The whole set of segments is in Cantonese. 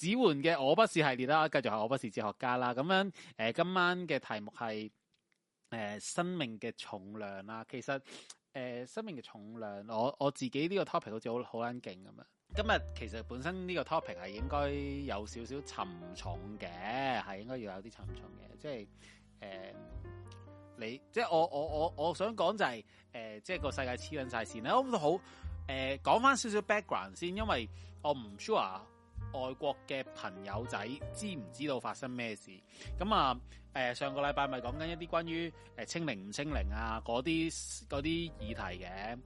指煥嘅我不是系列啦，繼續係我不是哲學家啦。咁樣，誒、呃，今晚嘅題目係誒、呃、生命嘅重量啦。其實，誒、呃，生命嘅重量，我我自己呢個 topic 好似好好撚勁咁樣。今日其實本身呢個 topic 係應該有少少沉重嘅，係應該要有啲沉重嘅，即係，誒、呃，你即係我我我我想講就係、是，誒、呃，即係個世界黐緊晒線啦。咁好，誒、呃，講翻少少 background 先，因為我唔 sure。外國嘅朋友仔知唔知道發生咩事？咁啊，誒、呃、上個禮拜咪講緊一啲關於誒清零唔清零啊，嗰啲嗰啲議題嘅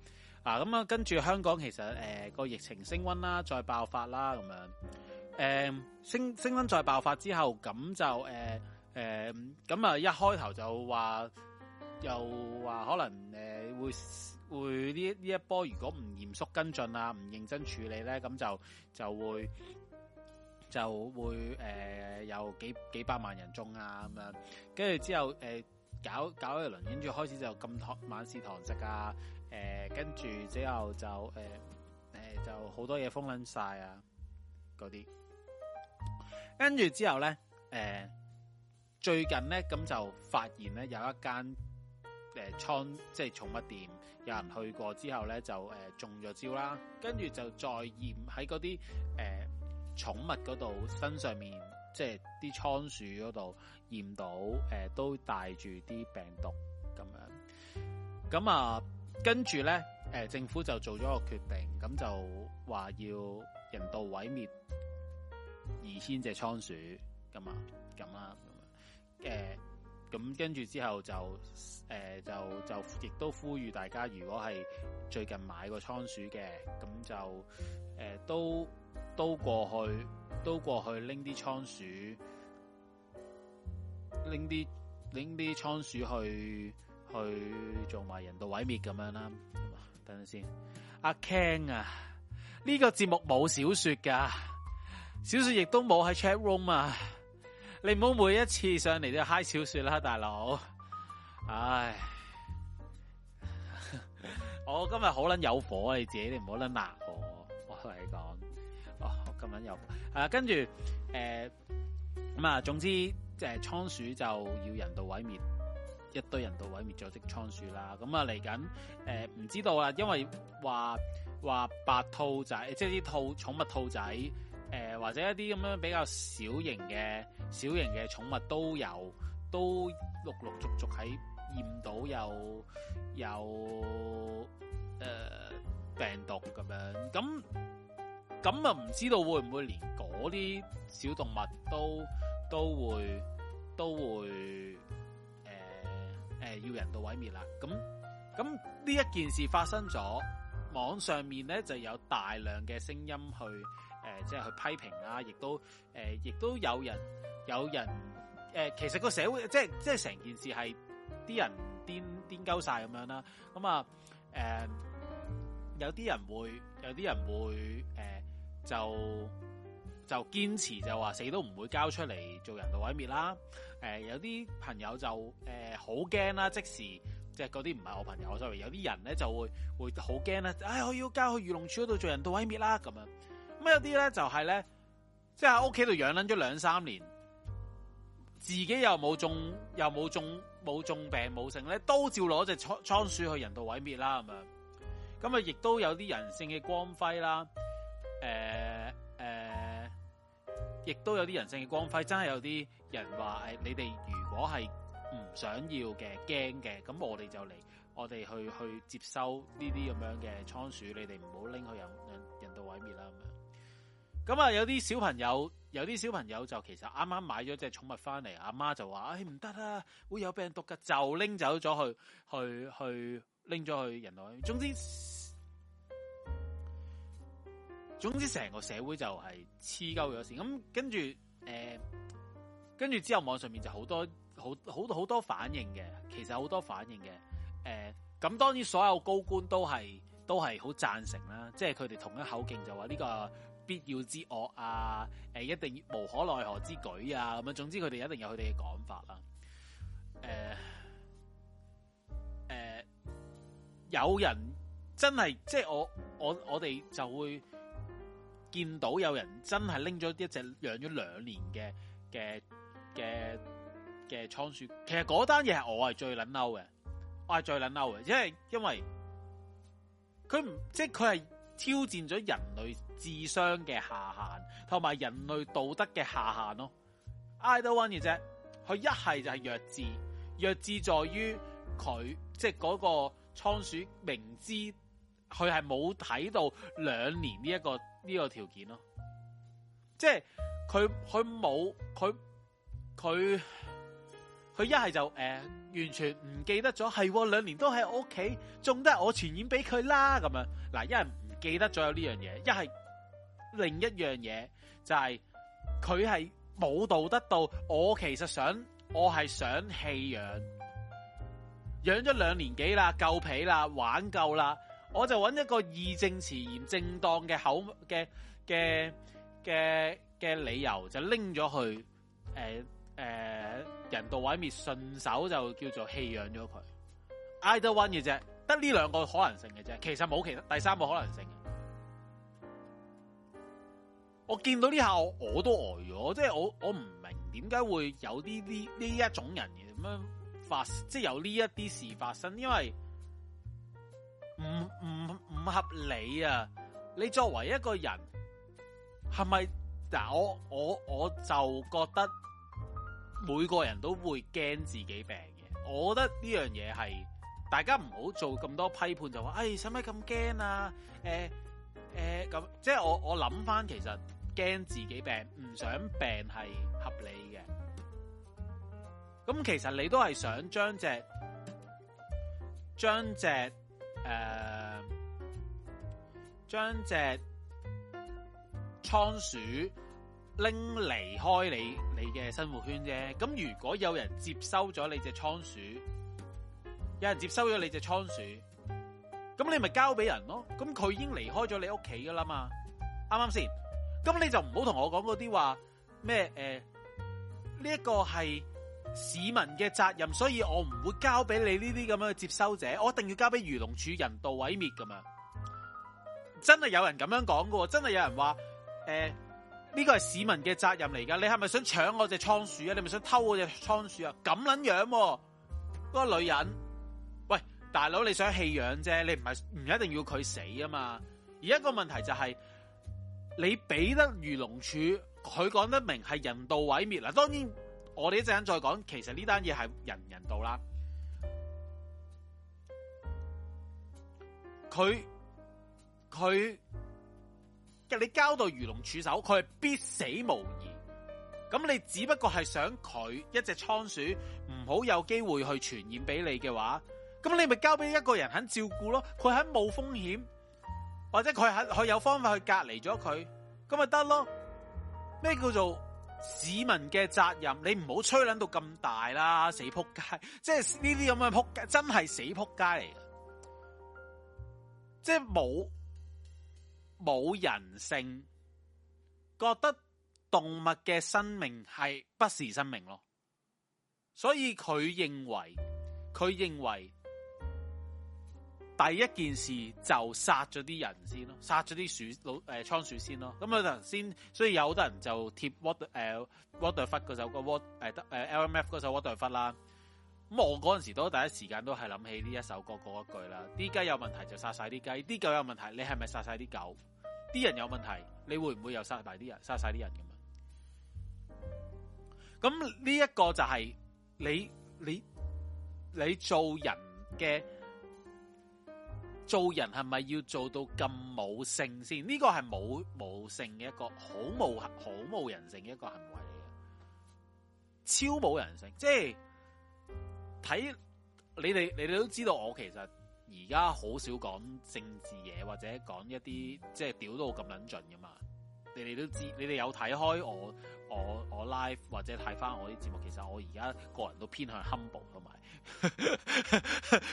啊，咁啊跟住香港其實誒個、呃、疫情升温啦，再爆發啦咁樣，誒升升温再爆發之後，咁就誒誒咁啊一開頭就話又話可能誒、呃、會會呢呢一波如果唔嚴肅跟進啊，唔認真處理咧，咁就就會。就會、呃、有幾，幾百萬人中啊咁樣，跟住之後、呃、搞搞一輪，跟住開始就禁堂、晚市堂食啊，跟、呃、住之後就、呃呃、就好多嘢封撚曬啊嗰啲，跟住之後咧、呃、最近咧咁就發現咧有一間誒、呃、倉即係寵物店有人去過之後咧就、呃、中咗招啦，跟住就再驗喺嗰啲寵物嗰度身上面，即係啲倉鼠嗰度驗到，誒、呃、都帶住啲病毒咁樣。咁啊，跟住咧，誒、呃、政府就做咗個決定，咁就話要人道毀滅二千隻倉鼠，咁啊，咁啦、啊，誒、啊，咁跟住之後就，誒、欸、就就亦都呼籲大家，如果係最近買過倉鼠嘅，咁就。誒，都都過去，都過去拎啲倉鼠，拎啲拎啲倉鼠去去做埋人道毀滅咁樣啦。等陣先，阿 Ken 啊，呢個節目冇小說噶，小說亦都冇喺 chat room 啊。你唔好每一次上嚟都 high 小說啦，大佬。唉， 我今日好捻有火啊，你自己你唔好捻難。有啊，跟住誒，咁、呃、啊，總之即係誒，倉鼠就要人道毀滅，一堆人道毀滅咗隻倉鼠啦。咁啊，嚟緊誒，唔知道啊，因為話話白兔仔，即係啲兔寵物兔仔，誒、呃，或者一啲咁樣比較小型嘅小型嘅寵物都有，都陸陸續續喺驗到有有誒、呃、病毒咁樣咁。咁啊，唔知道會唔會連嗰啲小動物都都會都會誒誒、呃呃、要人道毀滅啦？咁咁呢一件事發生咗，網上面咧就有大量嘅聲音去誒、呃，即係去批評啦、啊，亦都誒，亦、呃、都有人有人誒、呃，其實個社會即係即係成件事係啲人癲癲鳶晒咁樣啦、啊。咁啊誒，有啲人會有啲人會誒。呃就就堅持就話死都唔會交出嚟做人道毀滅啦。誒、呃，有啲朋友就誒好驚啦，即時即係嗰啲唔係我朋友，sorry，有啲人咧就會會好驚啦。唉、哎，我要交去漁農署嗰度做人道毀滅啦。咁樣咁有啲咧就係、是、咧，即係喺屋企度養捻咗兩三年，自己又冇中又冇中冇中病冇成咧，都照攞隻倉倉鼠去人道毀滅啦。咁樣咁啊，亦都有啲人性嘅光輝啦。誒誒，亦都、呃呃、有啲人性嘅光輝，真係有啲人話誒，你哋如果係唔想要嘅、驚嘅，咁我哋就嚟，我哋去去接收呢啲咁樣嘅倉鼠，你哋唔好拎去人人，人道毀滅啦咁樣。咁啊，有啲小朋友，有啲小朋友就其實啱啱買咗隻寵物翻嚟，阿媽就話：，唉、哎，唔得啦，會有病毒噶，就拎走咗去，去去拎咗去，去人道毀滅。總之。總之成個社會就係黐鳩咗線咁，跟住誒，跟住、呃、之後網上面就好多好好好多反應嘅，其實好多反應嘅，誒、呃，咁當然所有高官都係都係好贊成啦，即係佢哋同一口徑就話呢個必要之惡啊，誒、呃，一定無可奈何之舉啊，咁總之佢哋一定有佢哋嘅講法啦，誒、呃，誒、呃，有人真係即係我我我哋就會見到有人真係拎咗一隻養咗兩年嘅嘅嘅嘅倉鼠，其實嗰單嘢係我係最捻嬲嘅，我係最捻嬲嘅，就是、因為因為佢唔即係佢係挑戰咗人類智商嘅下限，同埋人類道德嘅下限咯。I don't want 嘅啫，佢一係就係弱智，弱智在於佢即係嗰個倉鼠明知佢係冇睇到兩年呢、這、一個。呢個條件咯，即係佢佢冇佢佢佢一係就誒、呃、完全唔記得咗，係兩、哦、年都喺我屋企，仲得我傳染俾佢啦咁樣。嗱，一係唔記得咗有呢樣嘢，一係另一樣嘢就係佢係冇道得到。我其實想，我係想棄養，養咗兩年幾啦，夠皮啦，玩夠啦。我就揾一個義正詞嚴正當嘅口嘅嘅嘅嘅理由，就拎咗去誒誒、呃呃，人道毀滅，順手就叫做棄養咗佢。Either one 嘅啫，得呢兩個可能性嘅啫，其實冇其他第三個可能性。我見到呢下，我都呆咗，即係我我唔明點解會有呢啲呢一種人嘅咁樣發，即係有呢一啲事發生，因為。唔唔唔合理啊！你作為一個人，係咪？嗱，我我我就覺得每個人都會驚自己病嘅。我覺得呢樣嘢係大家唔好做咁多批判，就話誒使咪咁驚啊？誒誒咁，即係我我諗翻，其實驚自己病唔想病係合理嘅。咁其實你都係想將隻將隻。誒，將隻倉鼠拎離開你你嘅生活圈啫。咁如果有人接收咗你隻倉鼠，有人接收咗你隻倉鼠，咁你咪交俾人咯，啊。咁佢已經離開咗你屋企噶啦嘛，啱啱先。咁你就唔好同我講嗰啲話咩？誒，呢、uh, 一個係。市民嘅責任，所以我唔會交俾你呢啲咁樣嘅接收者，我一定要交俾漁農署人道毀滅噶嘛。真係有人咁樣講喎，真係有人話誒，呢個係市民嘅責任嚟噶。你係咪想搶我隻倉鼠啊？你係咪想偷我隻倉鼠啊？咁捻樣？嗰個女人，喂，大佬你想棄養啫，你唔係唔一定要佢死啊嘛。而一個問題就係、是，你俾得漁農署，佢講得明係人道毀滅嗱，當然。我哋一陣間再講，其實呢單嘢係人人道啦。佢佢你交到漁農處手，佢係必死無疑。咁你只不過係想佢一隻倉鼠唔好有機會去傳染俾你嘅話，咁你咪交俾一個人肯照顧咯。佢肯冒風險，或者佢肯佢有方法去隔離咗佢，咁咪得咯。咩叫做？市民嘅責任，你唔好吹撚到咁大啦！死仆街，即係呢啲咁嘅仆街，真係死仆街嚟嘅，即係冇冇人性，覺得動物嘅生命係不是生命咯，所以佢認為，佢認為。第一件事就殺咗啲人先，殺了、呃、先咯，殺咗啲鼠老誒倉鼠先咯。咁有啲人先，所以有好多人就貼 what 誒、呃、what the fuck 嗰首個 what 誒誒 L M F 首 what the fuck 啦。咁我嗰陣時都第一時間都係諗起呢一首歌嗰一句啦。啲雞有問題就殺晒啲雞，啲狗有問題你係咪殺晒啲狗？啲人有問題你會唔會又殺埋啲人的？殺晒啲人咁咁呢一個就係你你你做人嘅。做人係咪要做到咁冇性先？呢個係冇冇性嘅一個好冇好冇人性嘅一個行為嚟嘅，超冇人性。即係睇你哋，你哋都知道，我其實而家好少講政治嘢，或者講一啲即係屌到咁撚盡㗎嘛。你哋都知，你哋有睇開我，我我 live 或者睇翻我啲節目，其實我而家個人都偏向 humble 同埋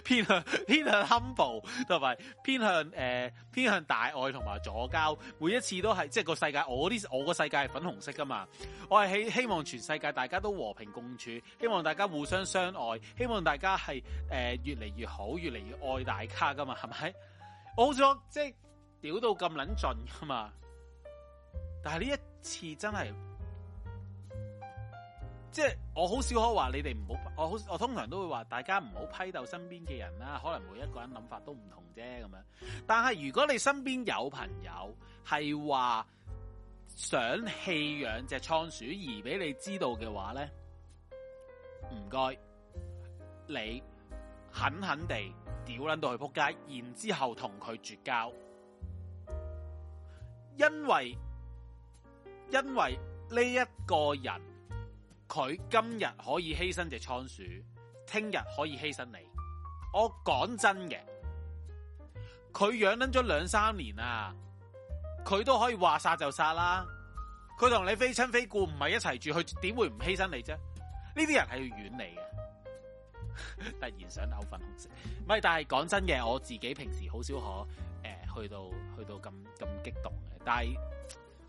偏向偏向 humble 同埋偏向、呃、偏向大愛同埋左膠，每一次都係即係個世界，我啲我個世界係粉紅色噶嘛，我係希希望全世界大家都和平共處，希望大家互相相愛，希望大家係、呃、越嚟越好，越嚟越愛大家噶嘛，係咪？好，我好想即係屌到咁撚盡噶嘛～但係呢一次真係，即係我好少可話你哋唔好，我好我通常都會話大家唔好批鬥身邊嘅人啦。可能每一個人諗法都唔同啫咁樣。但係如果你身邊有朋友係話想棄養隻倉鼠而俾你知道嘅話咧，唔該，你狠狠地屌捻到佢扑街，然之後同佢絕交，因為。因為呢一個人，佢今日可以犧牲隻倉鼠，聽日可以犧牲你。我講真嘅，佢養撚咗兩三年啊，佢都可以話殺就殺啦。佢同你非親非故，唔係一齊住，佢點會唔犧牲你啫？呢啲人係要遠離嘅。 突然想口粉紅色，唔係，但係講真嘅，我自己平時好少可誒、呃、去到去到咁咁激動嘅，但係。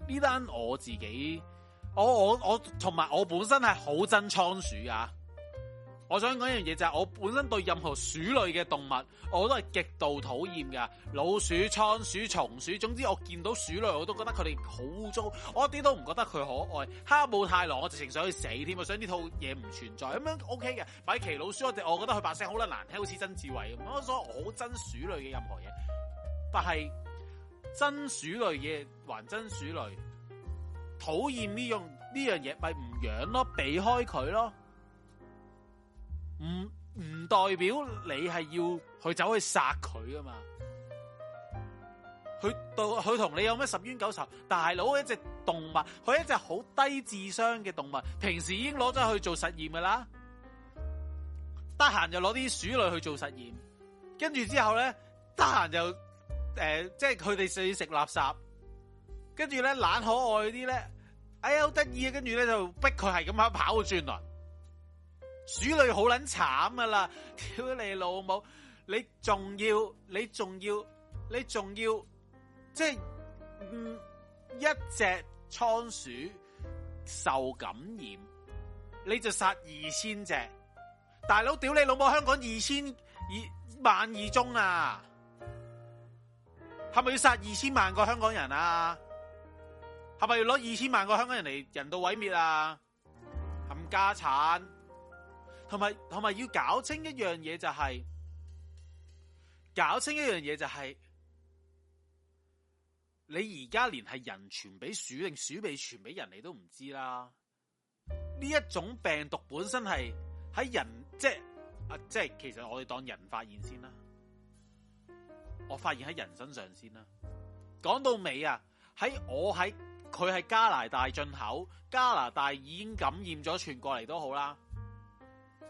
呢單我自己，我我我同埋我本身係好憎倉鼠㗎。我想講一樣嘢，就係我本身對任何鼠類嘅動物我都係極度討厭㗎。老鼠、倉鼠、松鼠，總之我見到鼠類我都覺得佢哋好污糟，我一啲都唔覺得佢可愛。哈姆太郎，我就直情想去死添，所以呢套嘢唔存在咁樣、嗯、OK 嘅。米奇老鼠我哋我覺得佢把聲好撚難聽，好似曾志偉咁。嗯、所以我所我好憎鼠類嘅任何嘢，但係。真鼠類嘢還真鼠類，討厭呢樣呢樣嘢咪唔養咯，避開佢咯。唔唔代表你係要去走去殺佢㗎嘛？佢到佢同你有咩十冤九仇？大佬一隻動物，佢係一隻好低智商嘅動物，平時已經攞咗去做實驗噶啦。得閒就攞啲鼠類去做實驗，跟住之後咧，得閒就。誒、呃，即係佢哋食食垃圾，跟住咧懶可愛啲咧，哎呀好得意啊！跟住咧就逼佢係咁樣跑轉輪，鼠類好撚慘噶、啊、啦！屌你老母，你仲要你仲要你仲要，即係嗯一隻倉鼠受感染，你就殺二千隻，大佬屌你老母！香港二千二萬二宗啊！係咪要殺二千萬個香港人啊？係咪要攞二千萬個香港人嚟人道毀滅啊？冚家鏟，同埋同埋要搞清一樣嘢就係、是，搞清一樣嘢就係、是，你而家連係人傳俾鼠定鼠未傳俾人你都唔知啦。呢一種病毒本身係喺人，即係啊，即係其實我哋當人發現先啦。我發現喺人身上先啦。講到尾啊，喺我喺佢係加拿大進口，加拿大已經感染咗傳過嚟都好啦，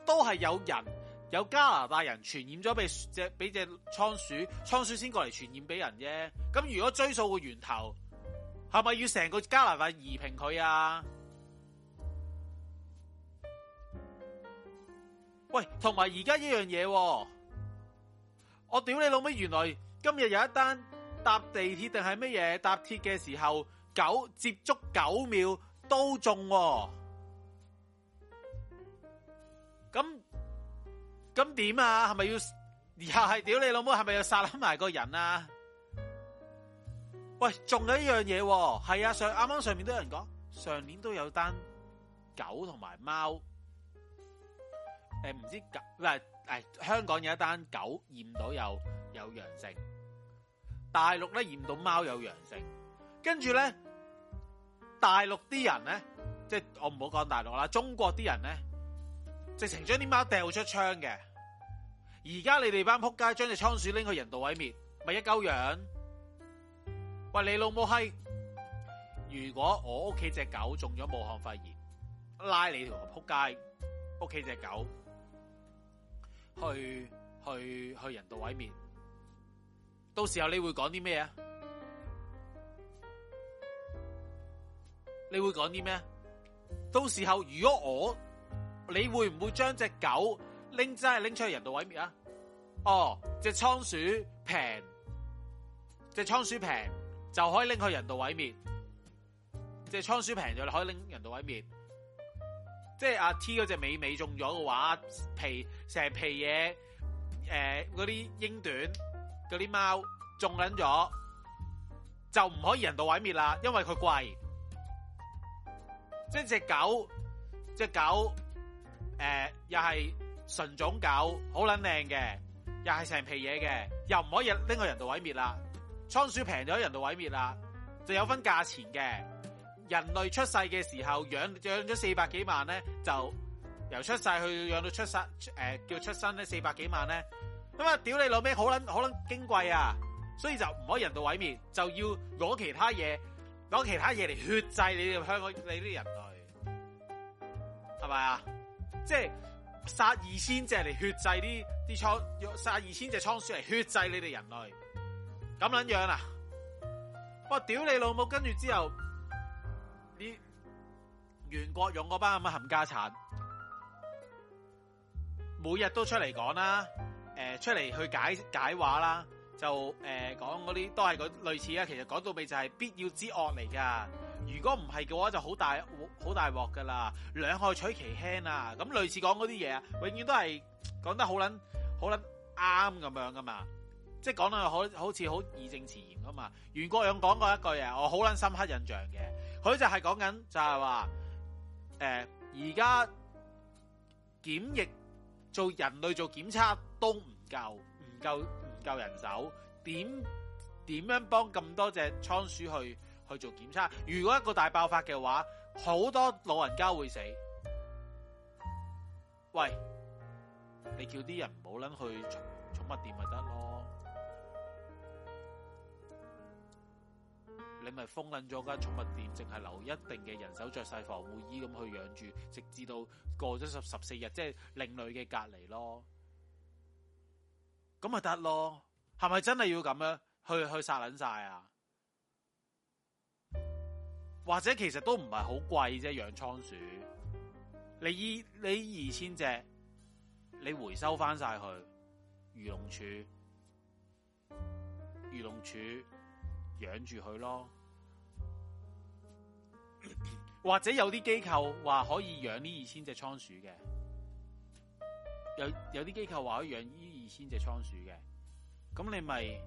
都係有人有加拿大人傳染咗俾隻俾隻倉鼠，倉鼠先過嚟傳染俾人啫。咁如果追溯個源頭，係咪要成個加拿大移平佢啊？喂，同埋而家一樣嘢，我屌你老味，原來～今日有一單搭地鐵定係乜嘢搭鐵嘅時候，狗接觸九秒都中，哦，咁咁點啊？係咪要又係屌你老母？係咪要殺撚埋個人啊？喂，仲，哦啊、有，有一樣嘢，係、欸、啊上啱啱上面都有人講，上年都有單狗同埋貓，誒唔知誒、哎，香港有一單狗驗到有有陽性，大陸咧驗到貓有陽性，跟住咧大陸啲人咧，即係我唔好講大陸啦，中國啲人咧，直情將啲貓掟出窗嘅。而家你哋班撲街將隻倉鼠拎去人道毀滅，咪一鳩樣，喂你老母閪！如果我屋企隻狗中咗武漢肺炎，拉你條撲街，屋企隻狗。去去去人道毀滅，到時候你會講啲咩啊？你會講啲咩？到時候如果我，你會唔會將隻狗拎真係拎出去人道毀滅啊？哦，隻倉鼠平，隻倉鼠平就可以拎去人道毀滅，隻倉鼠平就可以拎人道毀滅。即係阿 T 嗰隻美美中咗嘅話，皮成皮嘢，誒，嗰啲英短嗰啲貓中撚咗，就唔可以人道毀滅啦，因為佢貴。即係隻狗，隻狗，誒、呃、又係純種狗，好撚靚嘅，又係成皮嘢嘅，又唔可以拎去人道毀滅啦。倉鼠平咗，人道毀滅啦，就有分價錢嘅。人類出世嘅時候養養咗四百幾萬咧，就由出世去養到出世，誒、呃、叫出生咧四百幾萬咧，咁啊屌你老味好捻好捻矜貴啊！所以就唔可以人道毀滅，就要攞其他嘢，攞其他嘢嚟血祭你哋香港你啲人類，係咪啊？即係殺二千隻嚟血祭啲啲倉，殺二千隻倉鼠嚟血祭你哋人類，咁捻樣啊？我屌你老母，跟住之後。袁國勇嗰班咁嘅冚家鏟每日都出嚟講啦，誒、呃、出嚟去解解話啦，就誒講嗰啲都係類似啊。其實講到尾就係必要之惡嚟噶。如果唔係嘅話就，就好大好大鑊噶啦。兩害取其輕啊。咁類似講嗰啲嘢啊，永遠都係講得好捻好捻啱咁樣噶嘛。即係講到好好似好義正辭嚴噶嘛。袁國勇講過一句嘢，我好捻深刻印象嘅，佢就係講緊就係、是、話。誒，而家檢疫做人類做檢測都唔夠，唔夠唔夠人手，點點樣幫咁多隻倉鼠去去做檢測？如果一個大爆發嘅話，好多老人家會死。喂，你叫啲人唔好捻去寵寵物店咪得咯。你咪封緊咗間寵物店，淨係留一定嘅人手，着晒防護衣咁去養住，直至到過咗十十四日，即係另類嘅隔離咯。咁咪得咯？係咪真係要咁樣去去殺捻晒啊？或者其實都唔係好貴啫，養倉鼠。你二你二千隻，你回收翻晒佢，魚龍柱，魚龍柱。養住佢咯，或者有啲機構話可以養呢二千隻倉鼠嘅，有有啲機構話可以養呢二千隻倉鼠嘅，咁你咪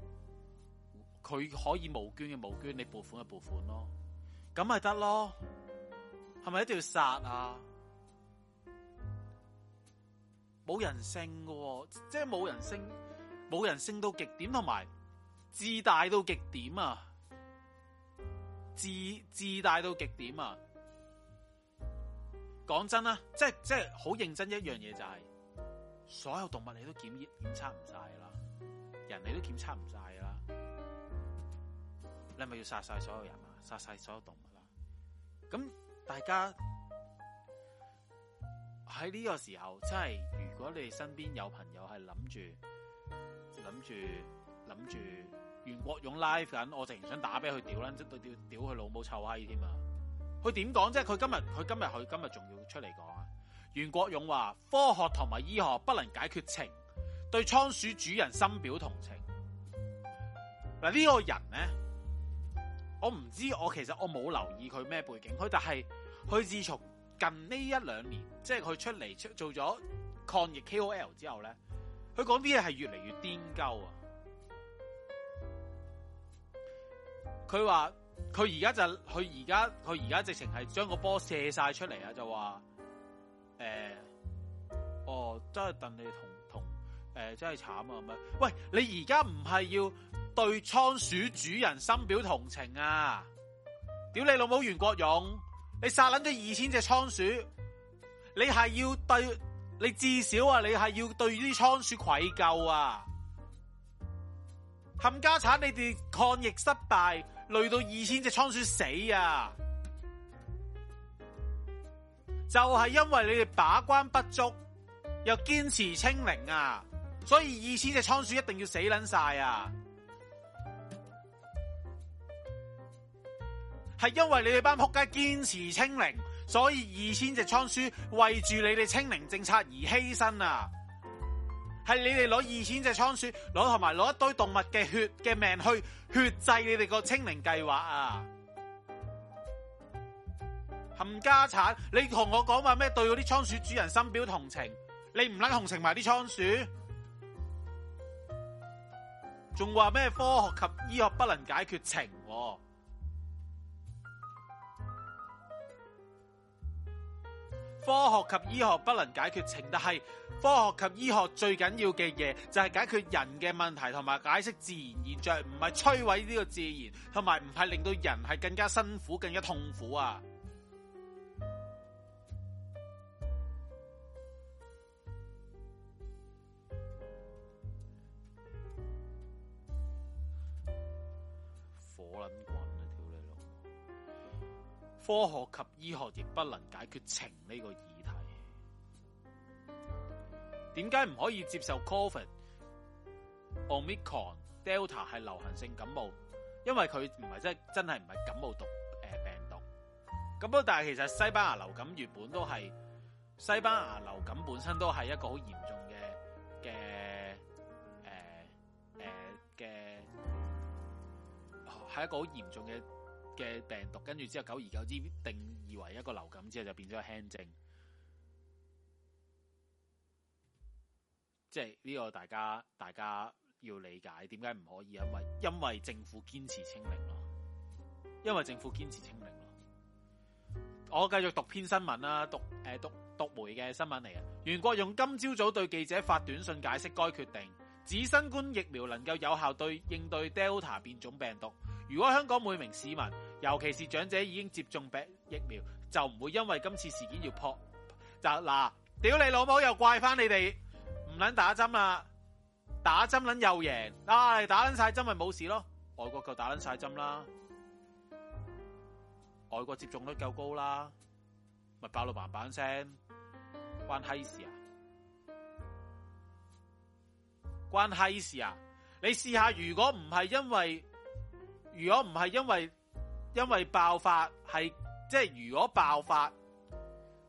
佢可以募捐嘅募捐，你撥款嘅撥款咯，咁咪得咯，係咪一定要殺啊？冇人性噶，哦，即係冇人性，冇人性到極點，同埋自大到極點啊！自自大到極點啊！講真啊，即係即係好認真一樣嘢就係、是，所有動物你都檢檢測唔晒啦，人你都檢測唔晒啦，你係咪要殺晒所有人啊？殺晒所有動物啦、啊？咁大家喺呢個時候，即係如果你身邊有朋友係諗住諗住諗住。袁國勇 live 緊，我直情想打俾佢屌啦，即到屌屌佢老母臭閪添啊！佢點講？即係佢今日，佢今日佢今日仲要出嚟講啊！袁國勇話：科學同埋醫學不能解決情，對倉鼠主人深表同情。嗱呢個人咧，我唔知我其實我冇留意佢咩背景，佢但係佢自從近呢一兩年，即係佢出嚟做做咗抗疫 KOL 之後咧，佢講啲嘢係越嚟越癲鳩啊！佢話佢而家就佢而家佢而家直情係將個波射晒出嚟，欸哦欸，啊！就話誒，哦真係戥你同同誒真係慘啊！咪喂，你而家唔係要對倉鼠主人深表同情啊？屌你老母袁國勇！你殺捻咗二千隻倉鼠，你係要對你至少啊！你係要對啲倉鼠愧疚啊！冚家鏟，你哋抗疫失敗！累到二千隻倉鼠死啊！就係因為你哋把關不足，又堅持清零啊，所以二千隻倉鼠一定要死捻晒啊！係因為你哋班仆街堅持清零，所以二千隻倉鼠為住你哋清零政策而犧牲啊！係你哋攞二千隻倉鼠，攞同埋攞一堆動物嘅血嘅命去血祭你哋個清零計劃啊！冚家鏟，你同我講話咩？對嗰啲倉鼠主人深表同情，你唔甩同情埋啲倉鼠，仲話咩科學及醫學不能解決情啊？科學及醫學不能解決情，但係科學及醫學最緊要嘅嘢就係解決人嘅問題同埋解釋自然現象，唔係摧毀呢個自然，同埋唔係令到人係更加辛苦，更加痛苦啊！火啦！科學及醫學亦不能解決情，呢個議題。點解唔可以接受 COVID Omicron Delta 係流行性感冒？因為佢唔係真真係唔係感冒毒誒、呃、病毒。咁但係其實西班牙流感原本都係西班牙流感本身都係一個好嚴重嘅嘅誒誒嘅，係、呃呃、一個好嚴重嘅。嘅病毒，跟住之後久而久之定義為一個流感之後就變咗輕症，即係呢個大家大家要理解點解唔可以，因為因為政府堅持清零咯，因為政府堅持，持清零。我繼續讀篇新聞啦，讀誒讀讀媒嘅新聞嚟嘅，袁國勇今朝早，早對記者發短信解釋該決定指新冠疫苗能夠有效對應對 Delta 變種病毒。如果香港每名市民，尤其是長者已經接種病疫苗，就唔會因為今次事件要撲就嗱，屌、啊、你老母又怪翻你哋唔捻打針啦，打針捻又贏，唉打捻晒針咪冇事咯，外國夠打捻晒針啦，外國接種率夠高啦，咪爆到嘭嘭聲，關閪事啊，關閪事啊，你試下如果唔係因為。如果唔係因為因為爆發，係即係如果爆發，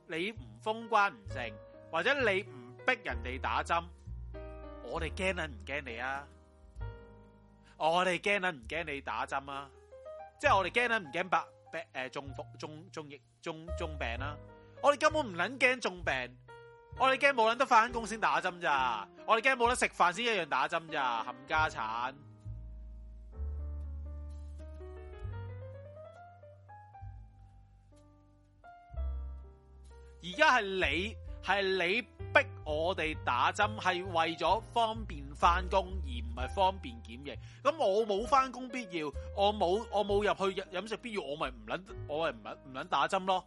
你唔封關唔成，或者你唔逼人哋打針，我哋驚捻唔驚你啊？我哋驚捻唔驚你打針啊？即係我哋驚捻唔驚白誒、呃？中服中中疫中中病啦、啊？我哋根本唔捻驚中病，我哋驚冇捻得返工先打針咋？我哋驚冇捻食飯先一樣打針咋？冚家鏟！而家係你，係你逼我哋打針，係為咗方便翻工而唔係方便檢疫。咁我冇翻工必要，我冇我冇入去飲食必要，我咪唔捻，我咪唔捻唔捻打針咯。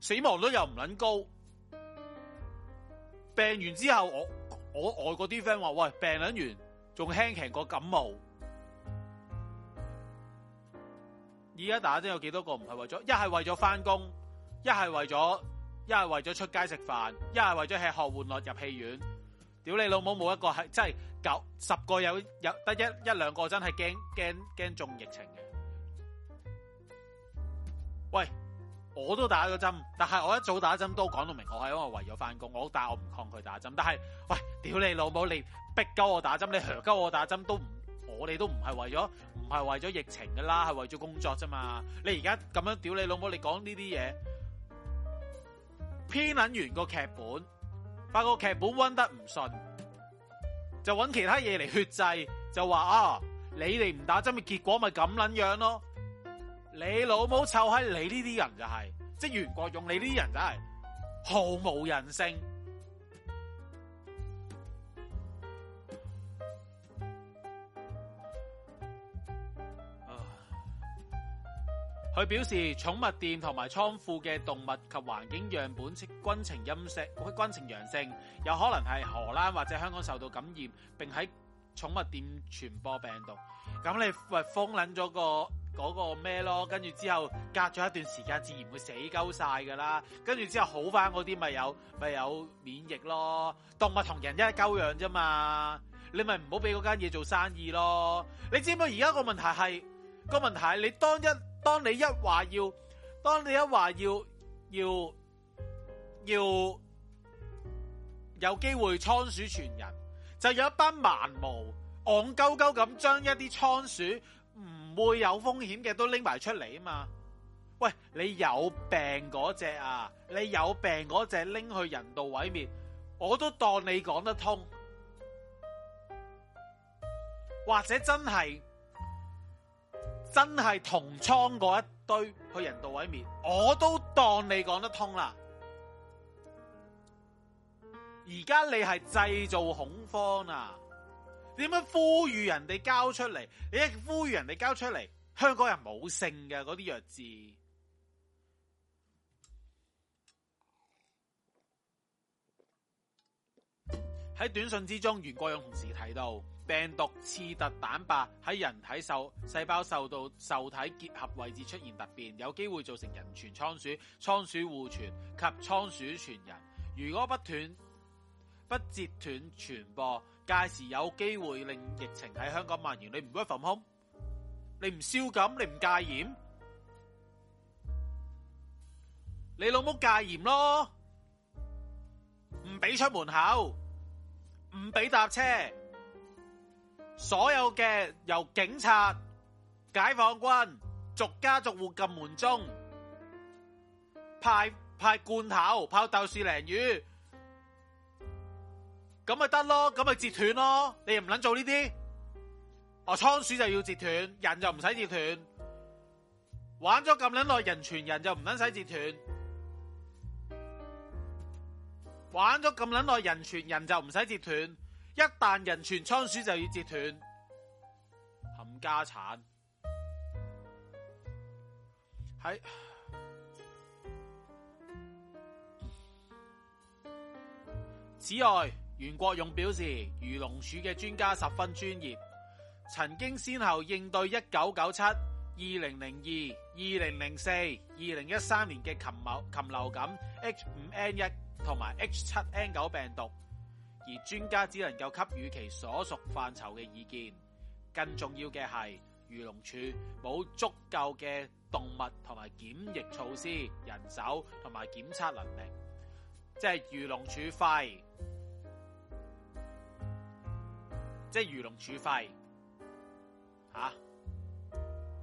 死亡率又唔捻高，病完之後我我外國啲 friend 話喂病完仲輕輕過感冒。而家打針有幾多個唔係為咗，一係為咗翻工。一係為咗，一係為咗出街食飯，一係為咗吃喝玩樂入戲院。屌你老母，冇一個係，真係九十個有有得一一兩個真係驚驚驚中疫情嘅。喂，我都打咗針，但係我一早打針都講到明我係，我係因為為咗翻工，我但係我唔抗拒打針。但係喂，屌你老母，你逼鳩我打針，你嚇鳩我打針都唔，我哋都唔係為咗唔係為咗疫情噶啦，係為咗工作啫嘛。你而家咁樣，屌你老母，你講呢啲嘢。偏捻完個劇本，發個劇本溫得唔順，就揾其他嘢嚟血制，就話啊，你哋唔打針嘅結果咪咁捻樣咯。你老母臭閪！你呢啲人就係，即係袁國勇，你呢啲人就係，毫無人性。佢表示，寵物店同埋倉庫嘅動物及環境樣本即均呈陰性，均呈陽性，有可能係荷蘭或者香港受到感染，並喺寵物店傳播病毒。咁你咪封撚咗個嗰個咩咯？跟住之後隔咗一段時間，自然會死鳩曬噶啦。跟住之後好翻嗰啲咪有咪有免疫咯。動物同人一鳩樣啫嘛，你咪唔好俾嗰間嘢做生意咯。你知唔知而家個問題係個問題？你當一當你一話要，當你一話要，要，要有機會倉鼠傳人，就有一班盲毛戇鳩鳩咁將一啲倉鼠唔會有風險嘅都拎埋出嚟啊嘛！喂，你有病嗰隻啊，你有病嗰隻拎去人道毀滅，我都當你講得通，或者真係。真係同倉嗰一堆去人道毀滅，我都當你講得通啦。而家你係製造恐慌啊？點樣呼籲人哋交出嚟？你一呼籲人哋交出嚟，香港人冇性嘅嗰啲弱智。喺短信之中，袁國勇同時睇到。病毒刺突蛋白喺人體受細胞受到受體結合位置出現突變，有機會造成人傳倉鼠、倉鼠互傳及倉鼠傳人。如果不斷不截斷傳播，屆時有機會令疫情喺香港蔓延。你唔會焚空，你唔消感，你唔戒嚴，你老母戒嚴咯！唔俾出門口，唔俾搭車。所有嘅由警察、解放軍逐家逐戶撳門鐘，派派罐頭、拋豆豉鯪魚，咁咪得咯？咁咪截斷咯？你又唔捻做呢啲？哦，倉鼠就要截斷，人就唔使截斷。玩咗咁捻耐，人傳人就唔捻使截斷。玩咗咁捻耐，人傳人就唔使截斷。玩一旦人傳倉鼠就要截斷，冚家產。係此外，袁國勇表示，漁農署嘅專家十分專業，曾經先後應對一九九七、二零零二、二零零四、二零一三年嘅禽某禽流感 H 五 N 一同埋 H 七 N 九病毒。而專家只能夠給予其所屬範疇嘅意見，更重要嘅係漁農署冇足夠嘅動物同埋檢疫措施、人手同埋檢測能力，即係漁農署廢，即係漁農署廢嚇，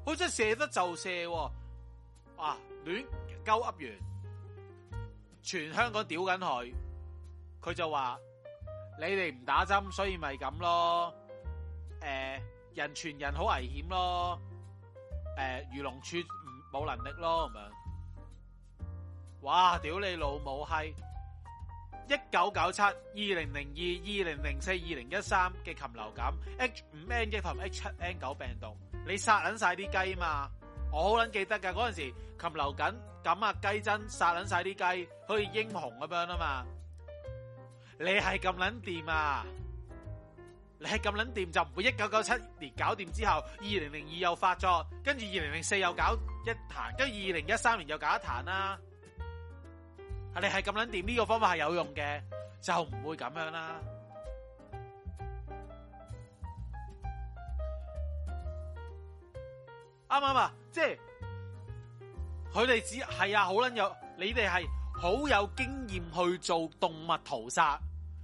好似射得就射啊，啊，亂鳩噏完，全香港屌緊佢，佢就話。你哋唔打針，所以咪咁咯？誒、呃，人傳人好危險咯！誒、呃，漁農處唔冇能力咯咁樣。哇！屌你老母係一九九七、二零零二、二零零四、二零一三嘅禽流感 H 五 N 一同 H 七 N 九病毒，你殺撚晒啲雞嘛？我好撚記得噶嗰陣時，禽流感咁啊，雞針殺撚晒啲雞，好似英雄咁樣啊嘛！你係咁捻掂啊！你係咁捻掂就唔會一九九七年搞掂之後，二零零二又發作，跟住二零零四又搞一壇，跟住二零一三年又搞一壇啦、啊。你係咁捻掂呢個方法係有用嘅，就唔會咁樣啦。啱啱啊？即係佢哋只係啊，好捻有你哋係。好有經驗去做動物屠殺，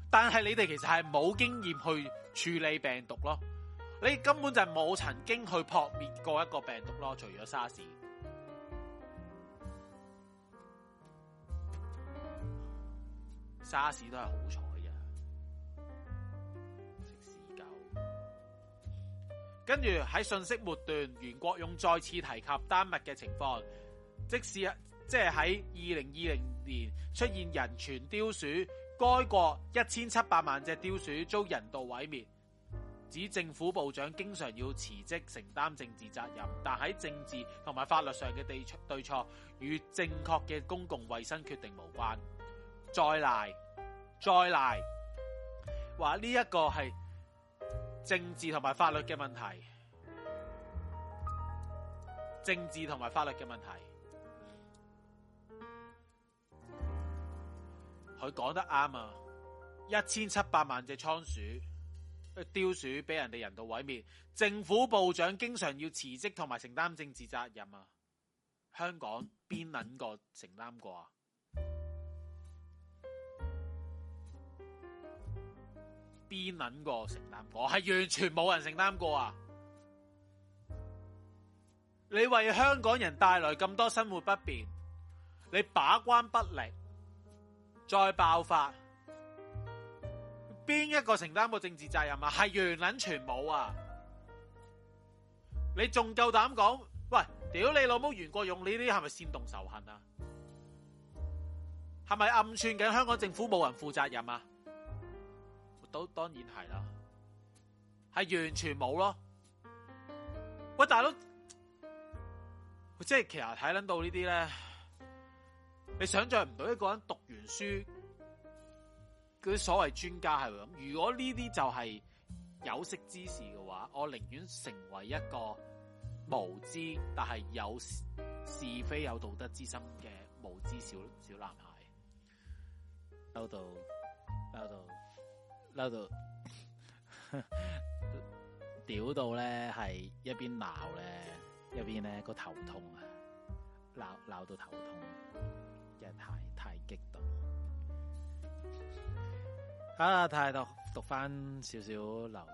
但係你哋其實係冇經驗去處理病毒咯。你根本就係冇曾經去撲滅過一個病毒咯，除咗沙士，沙士都係好彩嘅，跟住喺信息末段，袁國勇再次提及丹麥嘅情況，即使。即係喺二零二零年出現人傳貂鼠，該國一千七百萬隻貂鼠遭人道毀滅，指政府部長經常要辭職承擔政治責任，但喺政治同埋法律上嘅對錯與正確嘅公共衛生決定無關。再賴，再賴，話呢一個係政治同埋法律嘅問題，政治同埋法律嘅問題。佢講得啱啊！一千七百萬隻倉鼠、雕鼠俾人哋人道毀滅，政府部長經常要辭職同埋承擔政治責任啊！香港邊撚個承擔過啊？邊撚個承擔過？係完全冇人承擔過啊！你為香港人帶來咁多生活不便，你把關不力。再爆發，邊一個承擔個政治責任啊？係完捻全冇啊！你仲夠膽講？喂，屌你老母袁國勇，你呢啲係咪煽動仇恨啊？係咪暗算緊香港政府冇人負責任啊？都當然係啦，係完全冇咯。喂，大佬，即係其實睇捻到這些呢啲咧。你想象唔到一個人讀完書，嗰啲所謂專家係咁。如果呢啲就係有識之士嘅話，我寧願成為一個無知但係有是非有道德之心嘅無知小小男孩。嬲到嬲到嬲到屌到咧，係一邊鬧咧，一邊咧個頭痛啊！鬧鬧到頭痛。一太太激動啊！睇下睇下讀翻少少留言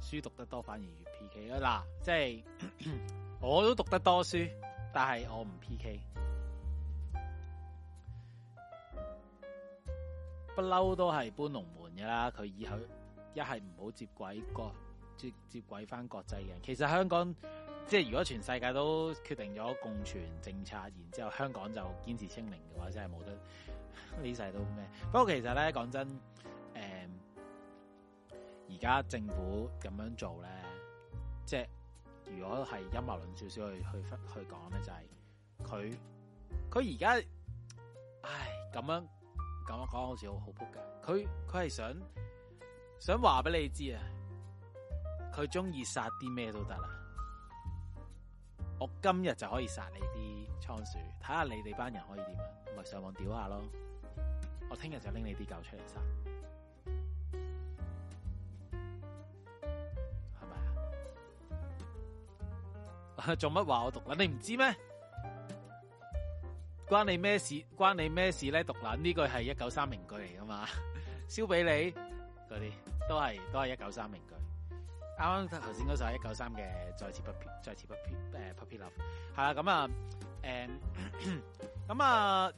先，書讀得多反而越 P K 啦，嗱。即係我都讀得多書，但係我唔 P K，不嬲都係搬龍門噶啦。佢以後一係唔好接鬼歌。接接軌翻國際嘅。其實香港即係如果全世界都決定咗共存政策，然之後香港就堅持清零嘅話，真係冇得呢世都咩。不過其實咧講真，誒而家政府咁樣做咧，即係如果係陰謀論少少去去去講咧，就係佢佢而家唉咁樣咁樣講好似好好闊嘅，佢佢係想想話俾你知啊！佢中意殺啲咩都得啦。我今日就可以殺你啲倉鼠，睇下你哋班人可以點啊？咪上網屌下咯。我聽日就拎你啲狗出嚟殺，係咪啊？做乜話我毒捻？你唔知咩？關你咩事？關你咩事咧？毒捻呢句係一九三名句嚟噶嘛？燒俾你嗰啲都係都係一九三名句。啱啱頭先嗰首一九三嘅再次不撇，再次不撇，誒，Puppy Love 係啦，咁啊，誒、嗯，咁啊，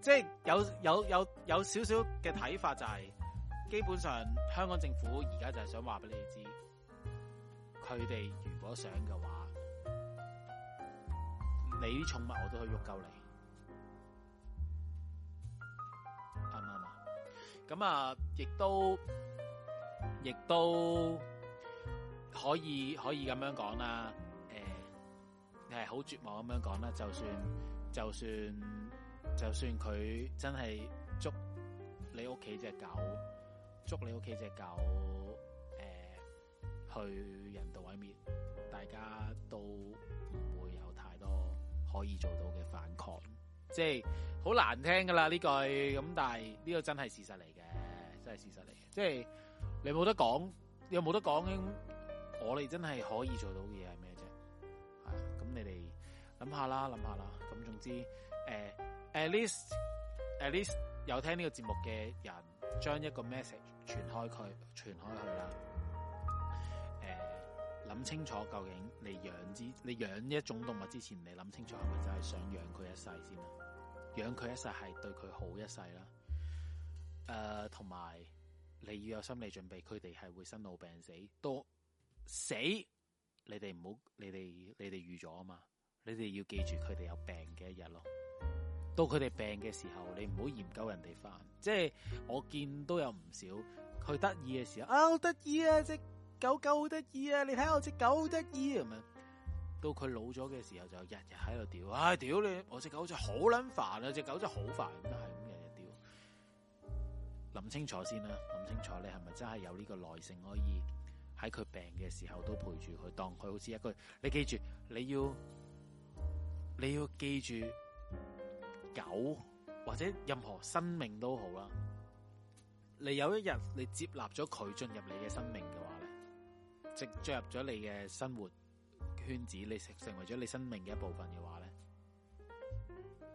即係有有有有少少嘅睇法、就是，就係基本上香港政府而家就係想話俾你哋知，佢哋如果想嘅話，你啲寵物我都可以喐夠你，啱唔啱啊？咁、嗯、啊，亦、嗯嗯嗯嗯嗯、都，亦都。可以可以咁樣講啦，誒，你係好絕望咁樣講啦，就算就算就算佢真係捉你屋企隻狗，捉你屋企隻狗，誒，去人道毀滅，大家都唔會有太多可以做到嘅反抗，即係好難聽㗎喇呢句，咁但係呢個真係事實嚟嘅，真係事實嚟嘅，即係你冇得講，你有冇得講？我哋真係可以做到嘅嘢係咩啫？係、啊、咁，你哋諗下啦，諗下啦。咁總之，誒，at least，at least 有聽呢個節目嘅人，將一個 message 傳開佢，傳開佢啦。誒、呃，諗清楚究竟你養之，你養一種動物之前，你諗清楚係咪真係想養佢一世先啦？養佢一世係對佢好一世啦。誒、呃，同埋你要有心理準備，佢哋係會生老病死多死！你哋唔好，你哋你哋預咗啊嘛！你哋要記住佢哋有病嘅一日咯。到佢哋病嘅時候，你唔好嫌究人哋煩。即係我見都有唔少，佢得意嘅時候啊，好得意啊！隻狗狗好得意啊！你睇下我隻狗得意咁嘛。到佢老咗嘅時候就天天，就日日喺度屌啊！屌你！我隻狗就好捻煩啊！隻狗就好煩，都係咁日日屌。諗清楚先啦，諗清楚你係咪真係有呢個耐性可以？喺佢病嘅時候都陪住佢，當佢好似一個你記住，你要你要記住狗或者任何生命都好啦。你有一日你接納咗佢進入你嘅生命嘅話咧，直着入咗你嘅生活圈子，你成成為咗你生命嘅一部分嘅話咧，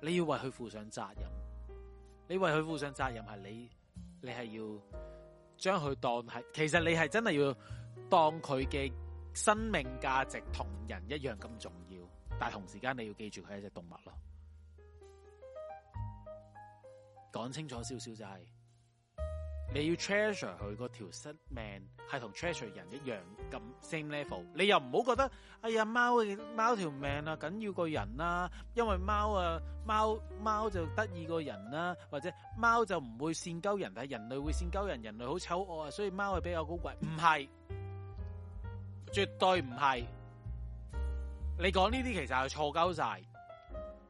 你要為佢負上責任。你為佢負上責任係你，你係要將佢當係，其實你係真係要。當佢嘅生命價值同人一樣咁重要，但係同時間你要記住佢係一隻動物咯。講清楚少少就係，是，你要 treasure 佢嗰條性命係同 treasure 人一樣咁 same level。你又唔好覺得，哎呀貓嘅貓條命啊，緊要過人啦，啊。因為貓啊貓貓就得意過人啦，啊，或者貓就唔會善鳩人，但係人類會善鳩人，人類好醜惡啊，所以貓係比較高貴。唔係。絕對唔係，你講呢啲其實係錯鳩晒。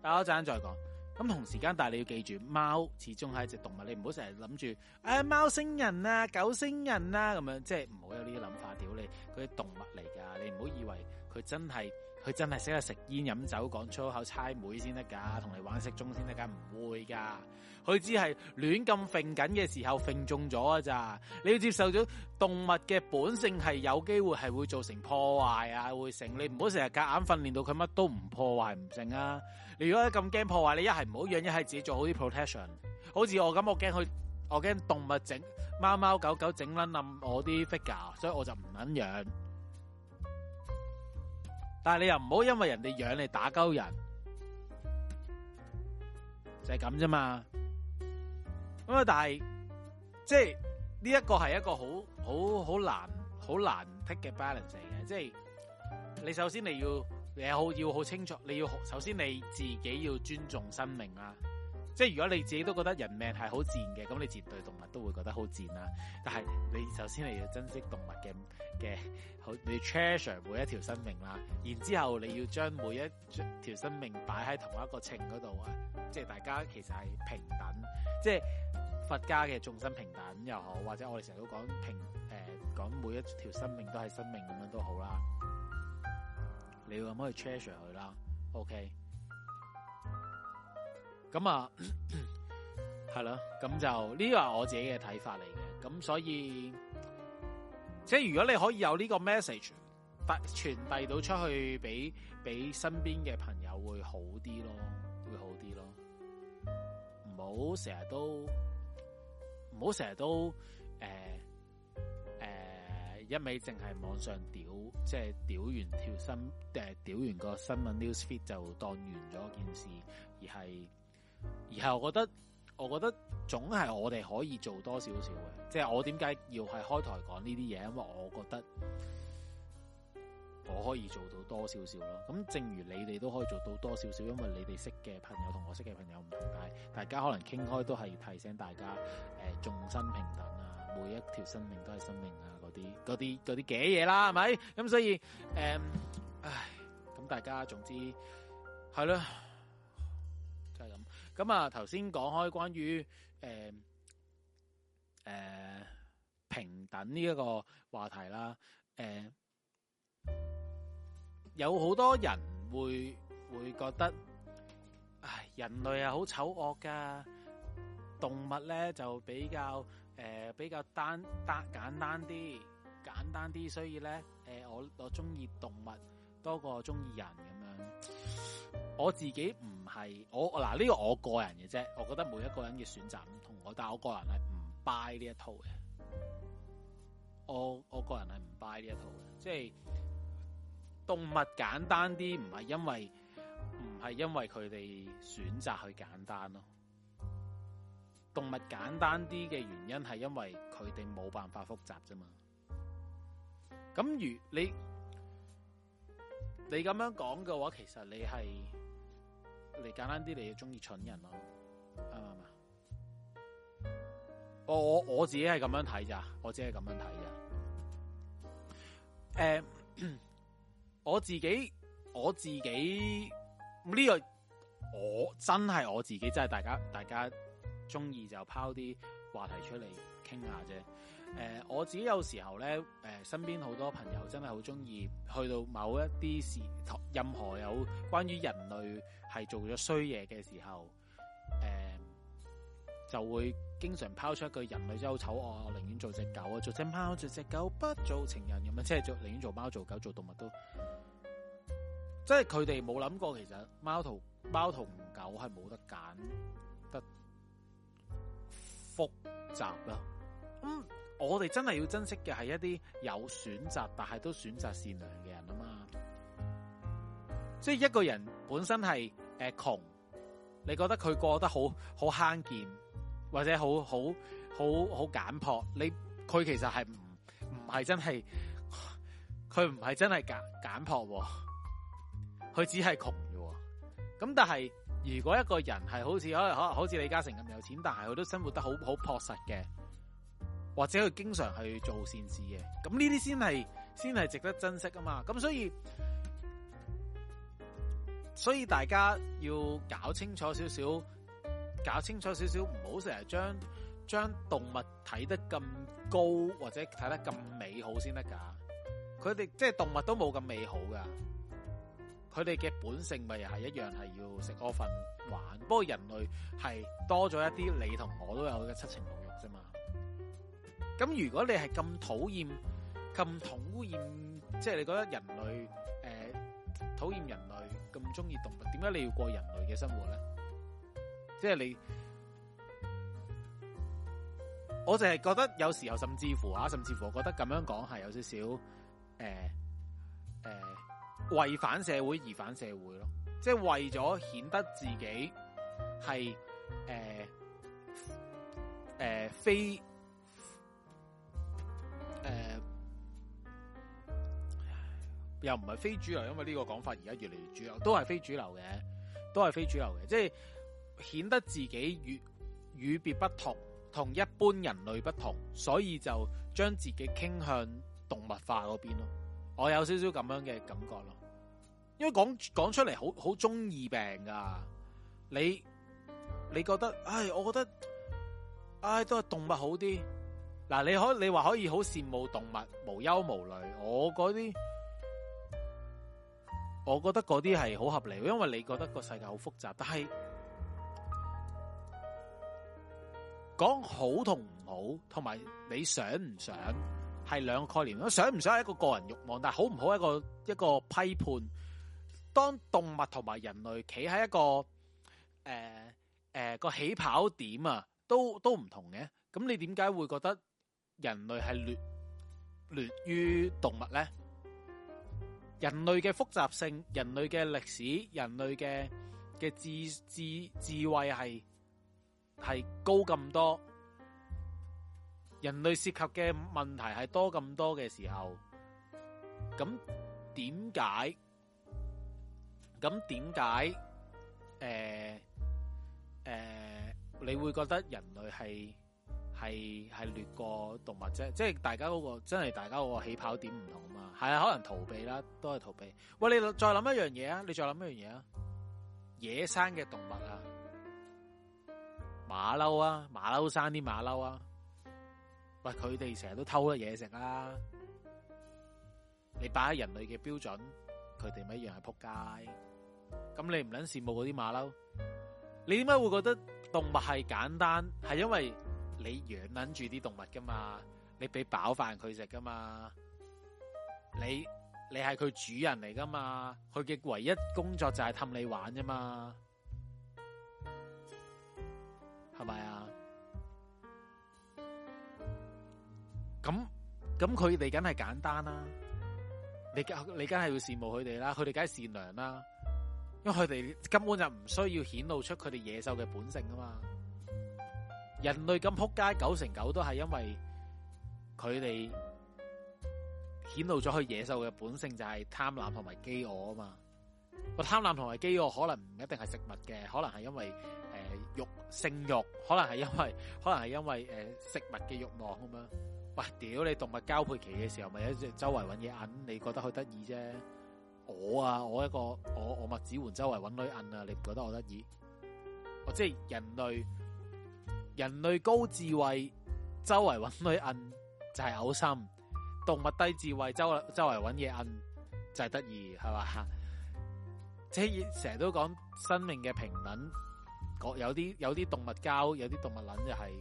等我一陣間再講。咁同時間，但係你要記住，貓始終係一隻動物，你唔好成日諗住誒貓星人啊、狗星人啊咁樣，即係唔好有呢啲諗法。屌你，佢係動物嚟噶，你唔好以為佢真係。佢真係識得食煙、飲酒、講粗口、猜妹先得㗎，同你玩骰盅先得㗎。唔會㗎。佢只係亂咁揈緊嘅時候揈中咗㗎咋。你要接受咗動物嘅本性係有機會係會造成破壞啊，會成，你唔好成日夾硬訓練到佢乜都唔破壞唔成啊！你如果咁驚破壞，你一係唔好養，一係自己做好啲 protection。好似我咁，我驚佢，我驚動物整貓貓，貓狗狗整撚冧我啲 figure，所以我就唔撚養。但係你又唔好因為人哋養你打鳩人，就係咁啫嘛。咁啊，但係即係呢、這個、一個係一個好好好難好難 take 嘅 balance 嚟嘅，即係你首先你要你好要好清楚，你要首先你自己要尊重生命啊。即係如果你自己都覺得人命係好賤嘅，咁你自己對動物都會覺得好賤啦。但係你首先你要珍惜動物嘅嘅好，你要 treasure 每一條生命啦。然之後你要將每一條生命擺喺同一個秤嗰度啊，即係大家其實係平等。即係佛家嘅眾生平等又好，或者我哋成日都講平、呃、講每一條生命都係生命咁樣都好啦。你要咁樣去 treasure 佢啦，OK。.咁啊，係啦，咁 就呢個係我自己嘅睇法嚟嘅。咁所以，即係如果你可以有呢個 message，發傳遞到出去俾俾身邊嘅朋友，會好啲咯，會好啲咯。唔好成日都，唔好成日都，誒、呃、誒，一味淨係網上屌，即係屌完條新，誒屌完、呃、完個新聞 news feed 就當完咗件事，而係。而後我覺得，我覺得總係我哋可以做多少少嘅，即係我點解要係開台講呢啲嘢，因為我覺得我可以做到多少少咯。咁正如你哋都可以做到多少少，因為你哋識嘅朋友同我識嘅朋友唔同，但係大家可能傾開都係提醒大家，誒、呃，眾生平等啊，每一條生命都係生命啊，嗰啲嗰啲嗰啲嘅嘢啦，係咪？咁所以，誒、嗯、唉，咁大家總之係啦。咁啊，頭先講開關於誒誒、呃呃、平等呢一個話題啦，誒、呃、有好多人會會覺得，唉，人類啊好醜惡噶，動物咧就比較誒、呃、比較單單簡單啲，簡單啲，所以咧誒、呃、我我中意動物。多個中意人咁樣，我自己唔係我嗱呢，呢個我個人嘅啫。我覺得每一個人嘅選擇唔同我，但係我個人係唔 buy 呢一套嘅。我我個人係唔 buy 呢一套嘅，即係動物簡單啲，唔係因為唔係因為佢哋選擇去簡單咯。動物簡單啲嘅原因係因為佢哋冇辦法複雜啫嘛。咁如你。你咁樣講嘅話，其實你係你簡單啲，你要中意蠢人咯，啱唔啱啊？我我我自己係咁樣睇咋，我只係咁樣睇咋。誒，我自己這我自己呢、uh, 這個我真係我自己，真係大家大家中意就拋啲話題出嚟傾下啫。誒、呃，我自己有時候咧，誒、呃，身邊好多朋友真係好中意去到某一啲事，任何有關於人類係做咗衰嘢嘅時候，誒、呃，就會經常拋出一句人類又醜惡，我寧願做隻狗啊，做隻貓，做隻狗不做情人咁樣，即係做寧願做貓做狗做動，做動物都，嗯、即係佢哋冇諗過其實貓同貓同狗係冇得揀得複雜啦，嗯我哋真係要珍惜嘅係一啲有選擇但係都選擇善良嘅人啊嘛！即係一個人本身係誒窮，你覺得佢過得好好慳儉，或者好好好好簡樸，你佢其實係唔唔係真係佢唔係真係簡簡樸，佢只係窮嘅。咁但係如果一個人係好似可可能好似李嘉誠咁有錢，但係佢都生活得好好樸實嘅。或者佢經常去做善事嘅，咁呢啲先係先係值得珍惜啊嘛！咁所以所以大家要搞清楚少少，搞清楚少少，唔好成日將將動物睇得咁高或者睇得咁美好先得噶。佢哋即係動物都冇咁美好噶，佢哋嘅本性咪又係一樣係要食屙瞓玩。不過人類係多咗一啲你同我都有嘅七情六欲啫嘛。咁如果你係咁討厭咁討厭，即係、就是、你覺得人類誒討厭人類，咁中意動物，點解你要過人類嘅生活咧？即、就、係、是、你，我就係覺得有時候甚至乎啊，甚至乎我覺得咁樣講係有少少誒誒違反社會而反社會咯，即、就、係、是、為咗顯得自己係誒誒非。又唔係非主流，因為呢個講法而家越嚟越主流，都係非主流嘅，都係非主流嘅，即係顯得自己與與別不同，同一般人類不同，所以就將自己傾向動物化嗰邊咯。我有少少咁樣嘅感覺咯，因為講講出嚟好好中意病㗎，你你覺得，唉、哎，我覺得，唉、哎，都係動物好啲。嗱，你可你話可以好羨慕動物無憂無慮，我嗰啲。我覺得嗰啲係好合理的，因為你覺得個世界好複雜，但係講好同唔好，同埋你想唔想係兩個概念。想唔想係一個個人欲望，但係好唔好一個一個批判。當動物同埋人類企喺一個誒誒個起跑點啊，都都唔同嘅。咁你點解會覺得人類係劣劣於動物咧？人類嘅複雜性、人類嘅歷史、人類嘅嘅智智智慧係係高咁多，人類涉及嘅問題係多咁多嘅時候，咁點解？咁點解？誒、呃、誒、呃，你會覺得人類係？係係掠過動物啫，即係大家嗰，那個真係大家個起跑點唔同啊嘛。係啊，可能逃避啦，都係逃避。喂，你再諗一樣嘢啊！你再諗一樣嘢啊！野生嘅動物啊，馬騮啊，馬騮山啲馬騮啊，喂，佢哋成日都偷咗嘢食啊。你擺喺人類嘅標準，佢哋咪一樣係撲街。咁你唔撚羨慕嗰啲馬騮？你點解會覺得動物係簡單？係因為？你養撚住啲動物噶嘛？你俾飽飯佢食噶嘛？你你係佢主人嚟噶嘛？佢嘅唯一工作就係氹你玩啫嘛？係咪啊？咁咁佢哋梗係簡單啦。你你梗係會羨慕佢哋啦，佢哋梗係善良啦，因為佢哋根本就唔需要顯露出佢哋野獸嘅本性啊嘛。人類咁撲街，九成九都係因為佢哋顯露咗佢野獸嘅本性，就係貪婪同埋飢餓啊嘛！個貪婪同埋飢餓可能唔一定係食物嘅，可能係因為誒肉慾、呃、性慾，可能係因為可能係因為誒、呃、食物嘅慾望咁樣。喂，屌你動物交配期嘅時候，咪一隻周圍揾嘢按，你覺得好得意啫？我啊，我一個我我麥子環周圍揾女按啊，你唔覺得我得意？我即係人類。人類高智慧，周圍揾女按就係、是、嘔心；動物低智慧，周周圍揾嘢按就係得意，係嘛？即係成日都講生命嘅平等，有啲有啲動物交，有啲動物諗就係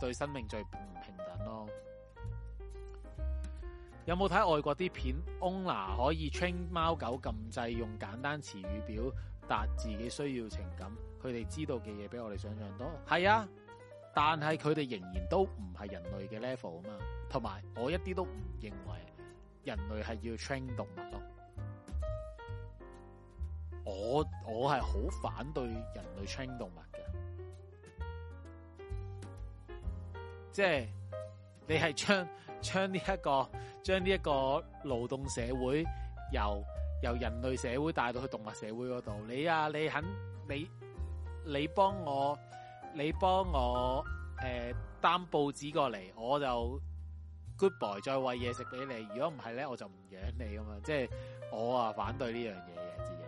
對生命最唔平等咯。有冇睇外國啲片？Ona 可以 train 貓狗撳掣，用簡單詞語表達自己需要情感。佢哋知道嘅嘢比我哋想象多。係啊。但係佢哋仍然都唔係人類嘅 level 啊嘛，同埋我一啲都唔認為人類係要 train 動物咯，我我係好反對人類 train 動物嘅，即係你係將將呢一個將呢一個勞動社會由由人類社會帶到去動物社會嗰度，你啊你肯你你幫我。你幫我誒擔、呃、報紙過嚟，我就 good boy 再餵嘢食俾你。如果唔係咧，我就唔養你咁啊！即係我啊反對呢樣嘢嘅自己。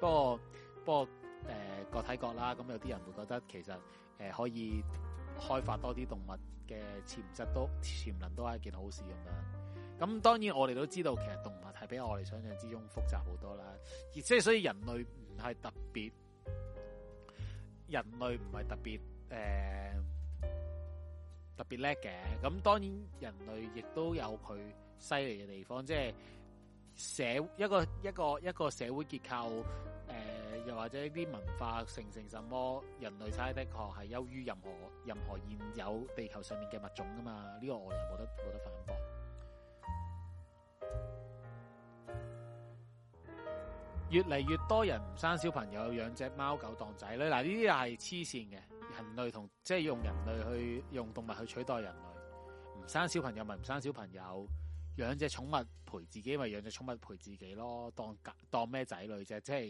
不過不過誒，各、呃、睇各啦。咁有啲人會覺得其實誒、呃、可以開發多啲動物嘅潛質都潛能都係一件好事咁樣。咁當然我哋都知道，其實動物係比我哋想象之中複雜好多啦。而即係所以人類唔係特別。人類唔係特別誒、呃、特別叻嘅，咁當然人類亦都有佢犀利嘅地方，即係社一個一個一個社會結構誒、呃，又或者啲文化形成，成什麼，人類差的確係優於任何任何現有地球上面嘅物種噶嘛，呢、這個我又冇得冇得反駁。越嚟越多人唔生小朋友，養隻貓狗當仔女。嗱，呢啲又係黐線嘅，人類同即係用人類去用動物去取代人類。唔生小朋友咪唔生小朋友，養隻寵物陪自己咪養隻寵物陪自己咯。當當咩仔女啫，即係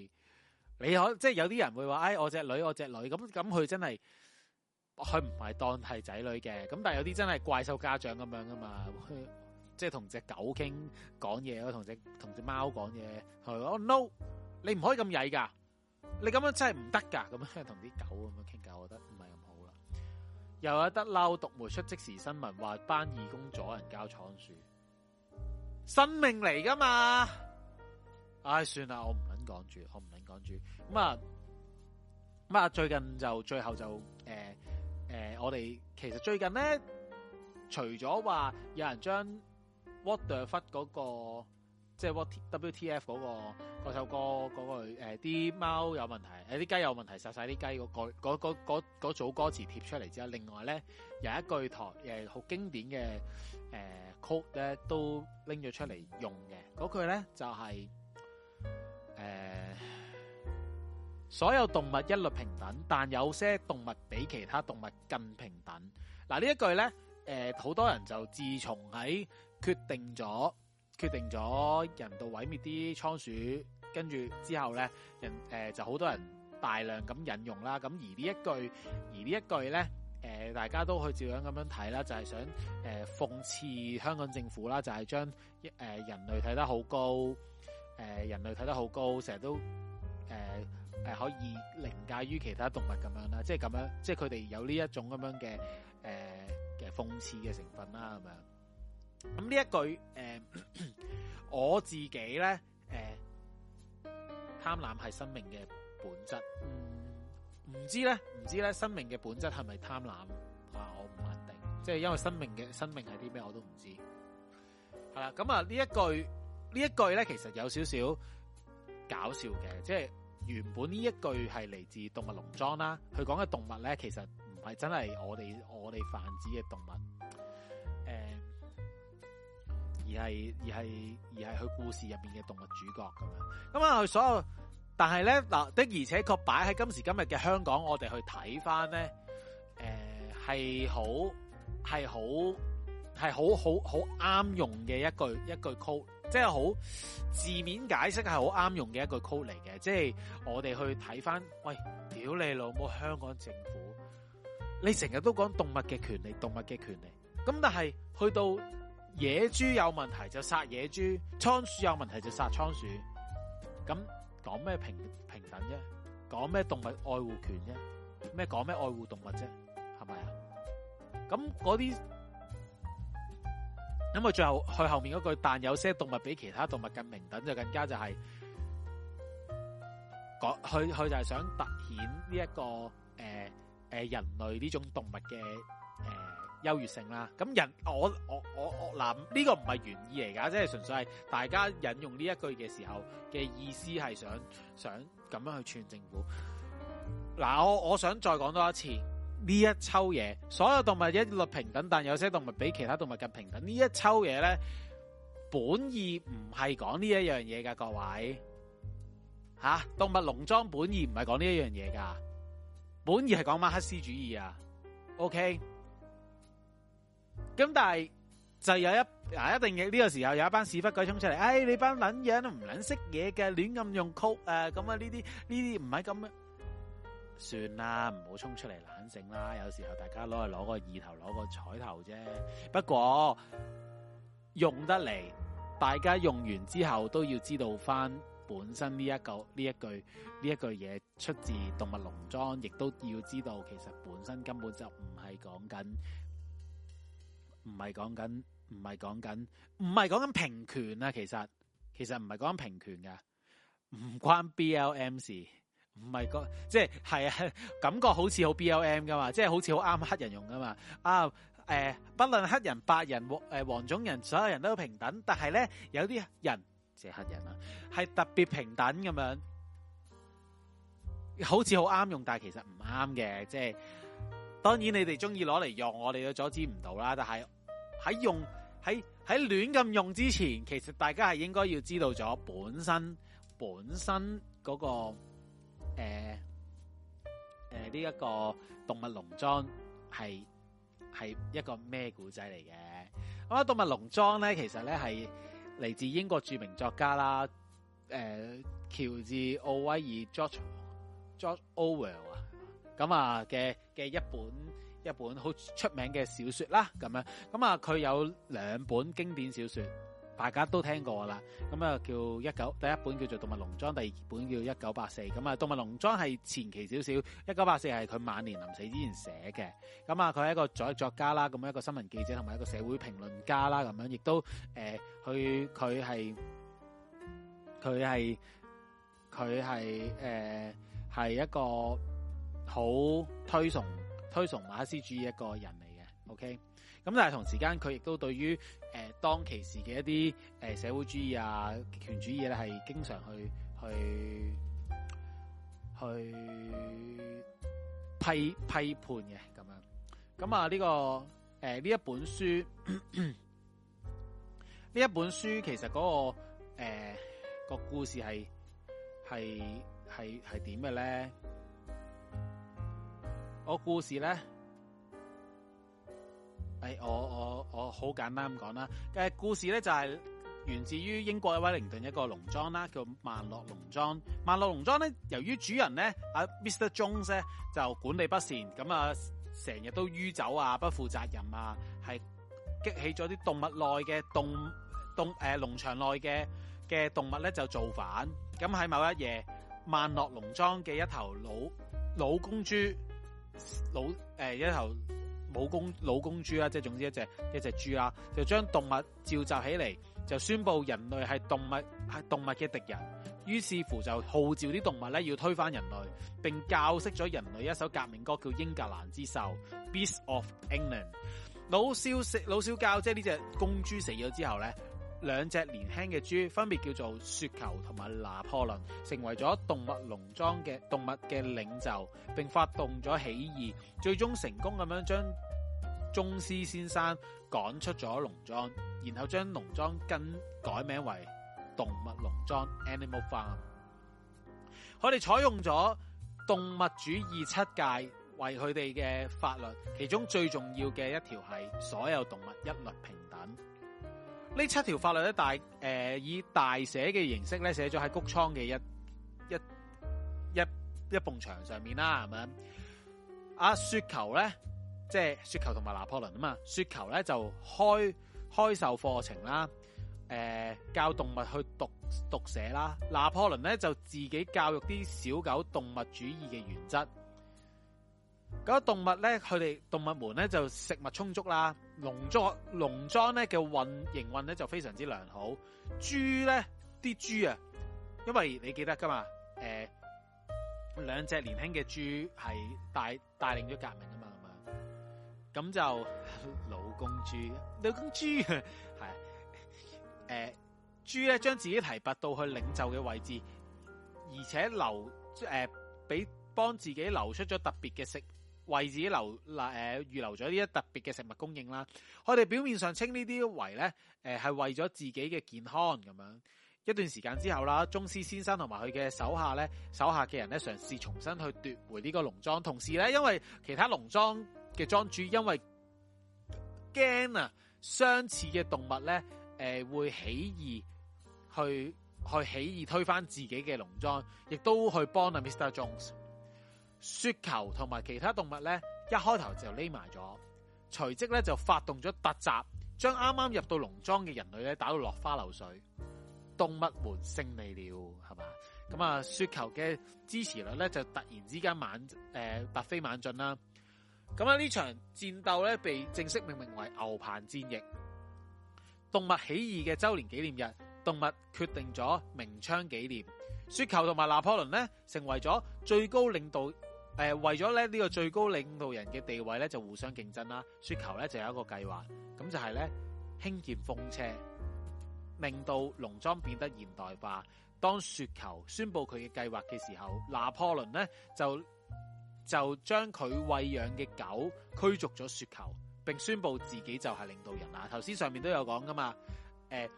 你可即係有啲人會話，哎，我隻女，我隻女，咁咁佢真係佢唔係當係仔女嘅。咁但係有啲真係怪獸家長咁樣噶嘛，佢。即係同隻狗傾講嘢咯，同隻同隻貓講嘢，佢佢講 no，你唔可以咁曳噶，你咁樣真係唔得噶，咁樣同啲狗咁樣傾偈，我覺得唔係咁好啦。又有得嬲，讀媒出即時新聞，話班義工阻人交倉鼠，生命嚟噶嘛。唉、哎，算啦，我唔捻講住，我唔捻講住。咁啊，咁啊，最近就最後就誒誒、呃呃，我哋其實最近咧，除咗話有人將。What the fuck 嗰、那個即係、就是、what t, w t f 嗰、那個嗰首歌嗰句啲貓有問題啲雞、呃、有問題殺曬啲雞嗰個組歌詞貼出嚟之後，另外咧有一句台好、呃、經典嘅誒曲咧都拎咗出嚟用嘅嗰句咧就係、是呃、所有動物一律平等，但有些動物比其他動物更平等，嗱呢、呃、一句咧好、呃、多人就自從喺決定咗，決定咗人道毀滅啲倉鼠，跟住之後咧，人、呃、就好多人大量咁引用啦。咁而呢一句，而呢一句咧、呃，大家都去照樣咁樣睇啦，就係、是、想誒、呃、諷刺香港政府啦，就係、是、將人類睇得好高，人類睇得好高，成、呃、日都、呃呃、可以凌駕於其他動物咁樣啦，即係咁樣，即係佢哋有呢一種咁樣嘅誒嘅諷刺嘅成分啦，咁樣。咁呢一句，誒、嗯，我自己咧，誒、嗯，貪婪係生命嘅本質，唔知咧，唔知咧，生命嘅本質係咪貪婪啊？我唔肯定，即係因為生命嘅生命係啲咩，我都唔知。係啦，咁啊，呢一句，呢一句咧，其實有少少搞笑嘅，即係原本呢一句係嚟自動物農莊啦，佢講嘅動物咧，其實唔係真係我哋我哋泛指嘅動物。而係而係而係佢故事入邊嘅動物主角咁樣，咁啊佢所有，但係咧嗱的而且確擺喺今時今日嘅香港，我哋去睇翻咧，誒係好係好係好好好啱用嘅一句一句 code，即係好字面解釋係好啱用嘅一句 code 嚟嘅，即係我哋去睇翻，喂，屌你老母香港政府，你成日都講動物嘅權利，動物嘅權利，咁但係去到。野豬有問題就殺野豬，倉鼠有問題就殺倉鼠，咁講咩平平等啫？講咩動物愛護權啫？咩講咩愛護動物啫？係咪啊？咁嗰啲，咁咪最後佢後面嗰句，但有些動物比其他動物更平等，就更加就係講佢佢就係想凸顯呢、這、一個誒誒、呃呃、人類呢種動物嘅。優越性啦，咁人我我我我嗱，呢個唔係原意嚟噶，即係純粹係大家引用呢一句嘅時候嘅意思係想想咁樣去串政府。嗱，我我想再講多一次呢一抽嘢，所有動物一律平等，但有些動物比其他動物更平等。呢一抽嘢咧，本意唔係講呢一樣嘢噶，各位吓，動物農莊本意唔係講呢一樣嘢噶，本意係講馬克思主義啊。O K。咁但係就有一啊，一定嘅呢個時候有一班屎忽鬼衝出嚟，哎，你班撚樣都唔撚識嘢嘅，亂咁用曲啊！咁啊，呢啲呢啲唔係咁。算啦，唔好衝出嚟，懶醒啦。有時候大家攞嚟攞個意頭，攞個彩頭啫。不過用得嚟，大家用完之後都要知道翻本身呢一個呢一句呢一句嘢出自動物農莊，亦都要知道其實本身根本就唔係講緊。唔係講緊，唔係講緊，唔係講緊平權啊！其實其實唔係講緊平權噶，唔關 B L M 事，唔係講即係係啊，感覺好似、就是、好 B L M 噶嘛，即係好似好啱黑人用噶嘛啊！誒、呃，不論黑人白人，誒黃種人，所有人都平等，但係咧有啲人即係、就是、黑人啊，係特別平等咁樣，好似好啱用，但係其實唔啱嘅，即、就、係、是、當然你哋中意攞嚟用，我哋都阻止唔到啦，但係。喺用喺喺亂咁用之前，其實大家係應該要知道咗本身本身嗰個，誒誒呢一個動物農莊係係一個咩古仔嚟嘅？咁啊動物農莊咧，其實咧係嚟自英國著名作家啦，誒、呃、喬治奧威爾 George George Orwell 啊，咁啊嘅嘅一本。一本好出名嘅小說啦，咁樣咁啊，佢有兩本經典小說，大家都聽過啦。咁啊，叫一九第一本叫做《動物農莊》，第二本叫《一九八四》。咁啊，《動物農莊》係前期少少，《一九八四》係佢晚年臨死之前寫嘅。咁啊，佢係一個作作家啦，咁樣一個新聞記者同埋一個社會評論家啦，咁樣亦都誒，佢佢係佢係佢係誒，係、呃、一個好推崇。推崇馬克思主義一個人嚟嘅，OK，咁但係同時間佢亦都對於誒、呃、當其時嘅一啲誒社會主義啊、極權主義咧係經常去去去批批判嘅咁樣，咁啊呢、這個誒呢、呃、一本書呢 一本書其實嗰、那個誒、呃、個故事係係係係點嘅咧？我個故事咧，誒、哎，我我我好簡單咁講啦。故事咧就係、是、源自於英國嘅威靈頓一個農莊啦，叫萬樂農莊。萬樂農莊咧，由於主人咧，阿 Mr. Jones 咧就管理不善，咁啊成日都酗酒啊，不負責任啊，係激起咗啲動物內嘅動動誒農、呃、場內嘅嘅動物咧就造反。咁喺某一夜，萬樂農莊嘅一頭老老公豬。老誒、呃、一頭母公老公豬啦，即係總之一隻一隻豬啦，就將動物召集起嚟，就宣布人類係動物係動物嘅敵人，於是乎就號召啲動物咧要推翻人類，並教識咗人類一首革命歌叫《英格蘭之獸》（Beast of England）。老少食老少教，即係呢隻公豬死咗之後咧。兩隻年輕嘅豬分別叫做雪球同埋拿破崙，成為咗動物農莊嘅動物嘅領袖，並發動咗起義，最終成功咁樣將宗師先生趕出咗農莊，然後將農莊更改名為動物農莊 （Animal Farm）。佢哋採用咗動物主義七戒為佢哋嘅法律，其中最重要嘅一條係所有動物一律平等。呢七條法律咧，大誒、呃、以大寫嘅形式咧寫咗喺穀倉嘅一一一一埲牆上面啦，係咪啊？雪球咧即係雪球同埋拿破崙啊嘛，雪球咧就開開授課程啦，誒、呃、教動物去讀讀寫啦，拿破崙咧就自己教育啲小狗動物主義嘅原則。嗰個動物咧，佢哋動物們咧就食物充足啦，農作農莊咧嘅運營運咧就非常之良好。豬咧啲豬啊，因為你記得噶嘛，誒、呃，兩隻年輕嘅豬係帶帶領咗革命㗎嘛，咁就老公豬，老公豬係，誒，豬咧將自己提拔到去領袖嘅位置，而且留誒俾幫自己留出咗特別嘅食。為自己留嗱誒預留咗呢一特別嘅食物供應啦。佢哋表面上稱呢啲、呃、為咧誒係為咗自己嘅健康，咁樣一段時間之後啦，鍾斯先生同埋佢嘅手下咧手下嘅人咧嘗試重新去奪回呢個農莊，同時咧因為其他農莊嘅莊主因為驚啊相似嘅動物咧誒、呃、會起義去去起義推翻自己嘅農莊，亦都去幫阿、啊、Mr. Jones。雪球同埋其他動物咧，一開頭就匿埋咗，隨即咧就發動咗突襲，將啱啱入到農莊嘅人類咧打到落花流水，動物們勝利了，係嘛？咁啊，雪球嘅支持率咧就突然之間猛誒突、呃、飛猛進啦。咁啊，呢場戰鬥咧被正式命名為牛棚戰役。動物起義嘅周年紀念日，動物決定咗鳴槍紀念。雪球同埋拿破崙呢，成為咗最高領導。誒，為咗咧呢個最高領導人嘅地位咧，就互相競爭啦。雪球咧就有一個計劃，咁就係咧興建風車，令到農莊變得現代化。當雪球宣布佢嘅計劃嘅時候，拿破崙咧就就將佢餵養嘅狗驅逐咗雪球，並宣布自己就係領導人啊！頭先上面都有講㗎嘛，誒、呃，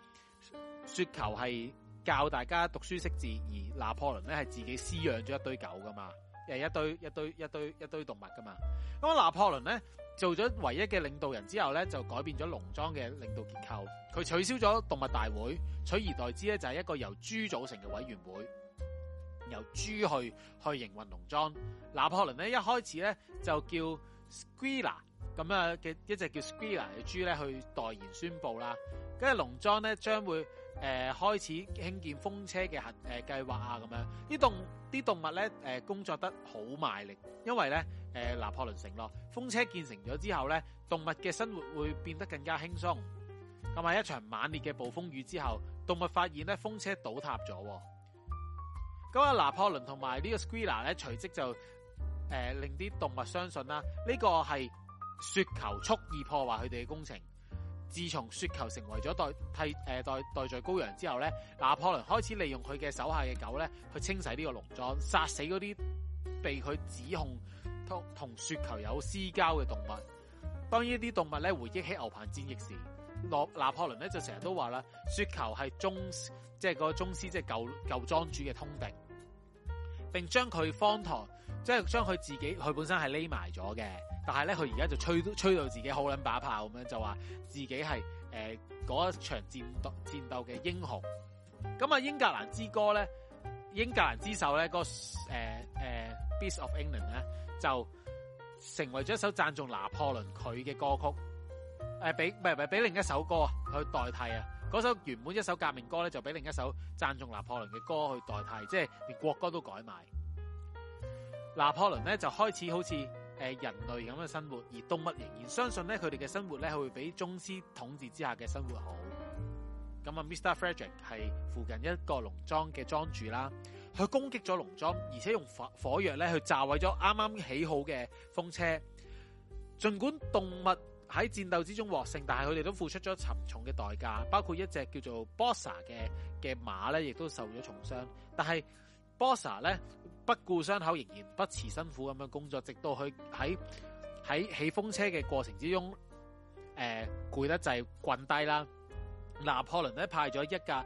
雪球係教大家讀書識字，而拿破崙咧係自己飼養咗一堆狗㗎嘛。誒，一堆一堆一堆一堆動物噶嘛，咁啊拿破崙咧做咗唯一嘅領導人之後咧，就改變咗農莊嘅領導結構，佢取消咗動物大會，取而代之咧就係、是、一個由豬組成嘅委員會，由豬去去營運農莊。拿破崙咧一開始咧就叫 Squilla 咁啊嘅一隻叫 Squilla 嘅豬咧去代言宣布啦，跟住農莊咧將會。誒、呃，開始興建風車嘅行誒計劃啊，咁樣啲動啲動物咧，誒、呃、工作得好賣力，因為咧，誒、呃、拿破崙承諾風車建成咗之後咧，動物嘅生活會變得更加輕鬆。咁、嗯、喺一場猛烈嘅暴風雨之後，動物發現咧風車倒塌咗。咁啊，拿破崙同埋呢個 Squealer 呢，咧，隨即就誒、呃、令啲動物相信啦、啊，呢、這個係雪球蓄意破壞佢哋嘅工程。自從雪球成為咗代替誒、呃、代代，代罪羔羊之後咧，拿破崙開始利用佢嘅手下嘅狗咧去清洗呢個農莊，殺死嗰啲被佢指控同同雪球有私交嘅動物。當呢啲動物咧回憶起牛棚戰役時，拿拿破崙咧就成日都話啦，雪球係宗即係個宗師，即、就、係、是、舊舊，舊莊主嘅通敵，並將佢荒唐，即係將佢自己佢本身係匿埋咗嘅。但係咧，佢而家就吹吹到自己好撚把炮咁樣，就話自己係誒嗰一場戰鬥戰鬥嘅英雄。咁啊，英格蘭之歌咧，英格蘭之首咧，那個誒誒、呃呃《Beast of England》咧，就成為咗一首讚頌拿破崙佢嘅歌曲。誒、呃，俾唔係唔係俾另一首歌啊，去代替啊，嗰首原本一首革命歌咧，就俾另一首讚頌拿破崙嘅歌去代替，即係連國歌都改埋。拿破崙咧就開始好似。誒，人類咁嘅生活，而動物仍然相信咧，佢哋嘅生活咧係會比宗師統治之下嘅生活好。咁啊，Mr Frederick 係附近一個農莊嘅莊主啦，佢攻擊咗農莊，而且用火火藥咧去炸毀咗啱啱起好嘅風車。儘管動物喺戰鬥之中獲勝，但係佢哋都付出咗沉重嘅代價，包括一隻叫做 Bossa 嘅嘅馬咧，亦都受咗重傷。但係。Bossa 咧，不顧傷口，仍然不辭辛苦咁樣工作，直到佢喺喺起風車嘅過程之中，誒、呃、攰得滯棍低啦。拿破崙咧，派咗一架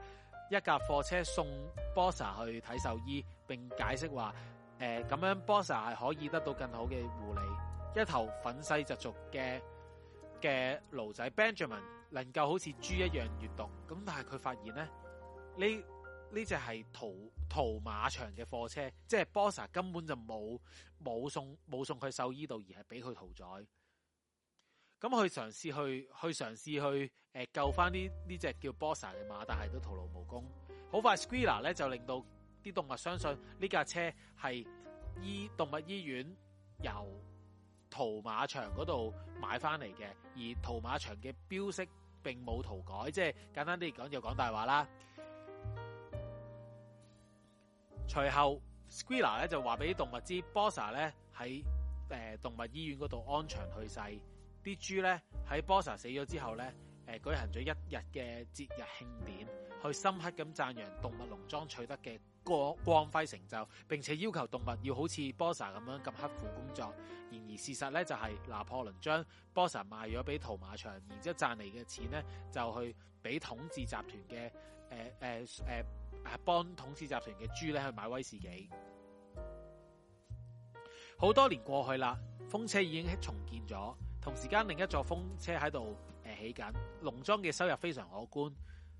一架貨車送 Bossa 去睇獸醫，並解釋話：誒、呃、咁樣 Bossa 係可以得到更好嘅護理。一頭憤世嫉俗嘅嘅驢仔 Benjamin 能夠好似豬一樣閱讀，咁但係佢發現咧，呢呢隻係土屠馬場嘅貨車，即係 Boxer 根本就冇冇送冇送去獸醫度，而係俾佢屠宰。咁佢嘗試去去嘗試,試去誒、呃、救翻呢呢隻叫 Boxer 嘅馬，但係都徒勞無功。好快，Squealer 咧就令到啲動物相信呢架車係醫動物醫院由屠馬場嗰度買翻嚟嘅，而屠馬場嘅標識並冇塗改。即係簡單啲講，就講大話啦。隨後 Squilla 咧就話俾動物知，Bosa 咧喺誒動物醫院嗰度安詳去世。啲豬咧喺 Bosa 死咗之後咧，誒舉行咗一日嘅節日慶典，去深刻咁讚揚動物農莊取得嘅光輝成就，並且要求動物要好似 Bosa 咁樣咁刻苦工作。然而事實咧就係拿破崙將 Bosa 賣咗俾屠馬場，然之後賺嚟嘅錢咧就去俾統治集團嘅。誒誒誒，幫統治集團嘅豬咧去買威士忌。好多年過去啦，風車已經重建咗，同時間另一座風車喺度誒起緊，農莊嘅收入非常可觀，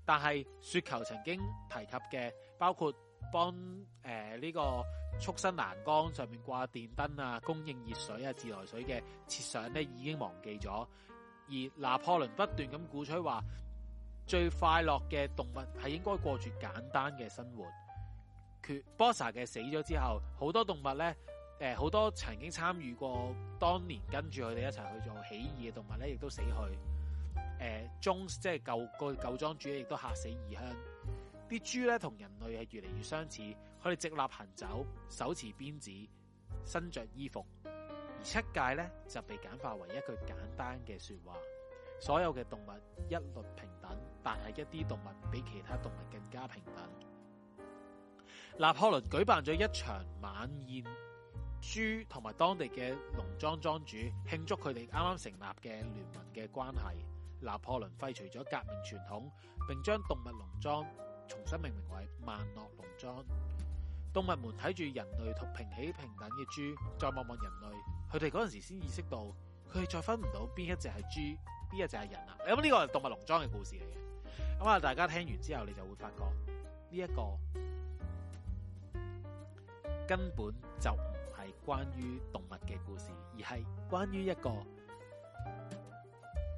但係雪球曾經提及嘅包括幫誒呢、呃這個畜生欄杆上面掛電燈啊，供應熱水啊、自來水嘅設想咧已經忘記咗，而拿破崙不斷咁鼓吹話。最快樂嘅動物係應該過住簡單嘅生活。佢 Bossa 嘅死咗之後，好多動物咧，誒、呃，好多曾經參與過當年跟住佢哋一齊去做起義嘅動物咧，亦都死去。誒、呃，莊即係舊個舊，舊莊主亦都嚇死異鄉。啲豬咧同人類係越嚟越相似，佢哋直立行走，手持鞭子，身着衣服。而七誡咧就被簡化為一句簡單嘅說話。所有嘅動物一律平等，但係一啲動物比其他動物更加平等。拿破崙舉辦咗一場晚宴，豬同埋當地嘅農莊莊主慶祝佢哋啱啱成立嘅聯盟嘅關係。拿破崙廢除咗革命傳統，並將動物農莊重新命名為曼諾農莊。動物們睇住人類同平起平等嘅豬，再望望人類，佢哋嗰陣時先意識到佢哋再分唔到邊一隻係豬。呢、啊這個就係人啦，咁呢個係動物農莊嘅故事嚟嘅，咁啊大家聽完之後，你就會發覺呢一、這個根本就唔係關於動物嘅故事，而係關於一個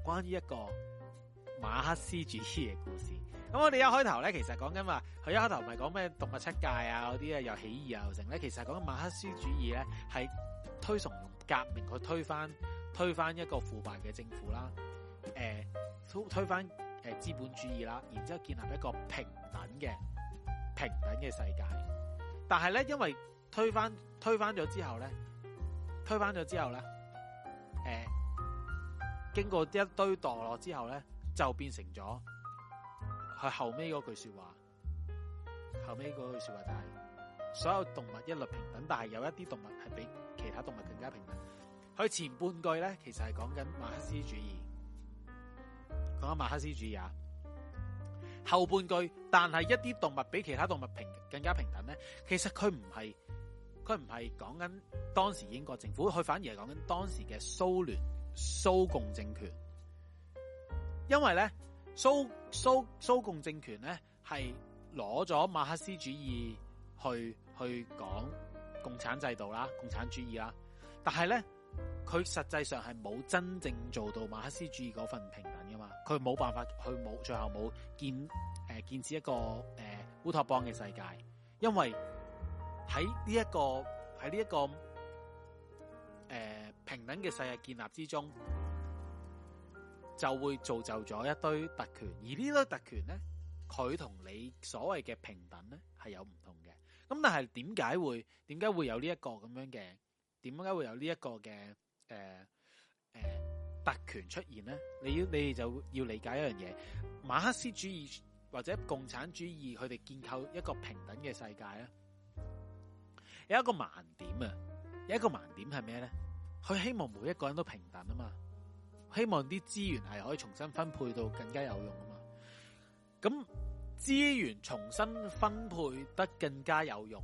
關於一個馬克思主義嘅故事。咁、嗯、我哋一開頭咧，其實講緊話，佢一開頭唔係講咩動物七界啊嗰啲啊又起義又成咧，其實講緊馬克思主義咧係推崇用革命去推翻推翻一個腐敗嘅政府啦。誒，推翻誒資本主義啦，然之後建立一個平等嘅平等嘅世界。但係咧，因為推翻推翻咗之後咧，推翻咗之後咧，誒，經過一堆墮落之後咧，就變成咗佢後尾句說話。後尾句說話就係所有動物一律平等，但係有一啲動物係比其他動物更加平等。佢前半句咧，其實係講緊馬克思主義。講緊馬克思主義啊，後半句但係一啲動物比其他動物平更加平等咧，其實佢唔係佢唔係講緊當時英國政府，佢反而係講緊當時嘅蘇聯蘇共政權，因為咧蘇蘇蘇共政權咧係攞咗馬克思主義去去講共產制度啦、共產主義啦，但係咧。佢實際上係冇真正做到馬克思主義嗰份平等㗎嘛，佢冇辦法去冇最後冇建誒、呃、建設一個誒、呃、烏托邦嘅世界，因為喺呢一個喺呢一個誒、呃、平等嘅世界建立之中，就會造就咗一堆特權，而呢堆特權咧，佢同你所謂嘅平等咧係有唔同嘅。咁但係點解會點解會有呢一個咁樣嘅？點解會有呢一個嘅誒誒特權出現咧？你要你哋就要理解一樣嘢，馬克思主義或者共產主義，佢哋建構一個平等嘅世界咧，有一個盲點啊，有一個盲點係咩咧？佢希望每一個人都平等啊嘛，希望啲資源係可以重新分配到更加有用啊嘛，咁資源重新分配得更加有用。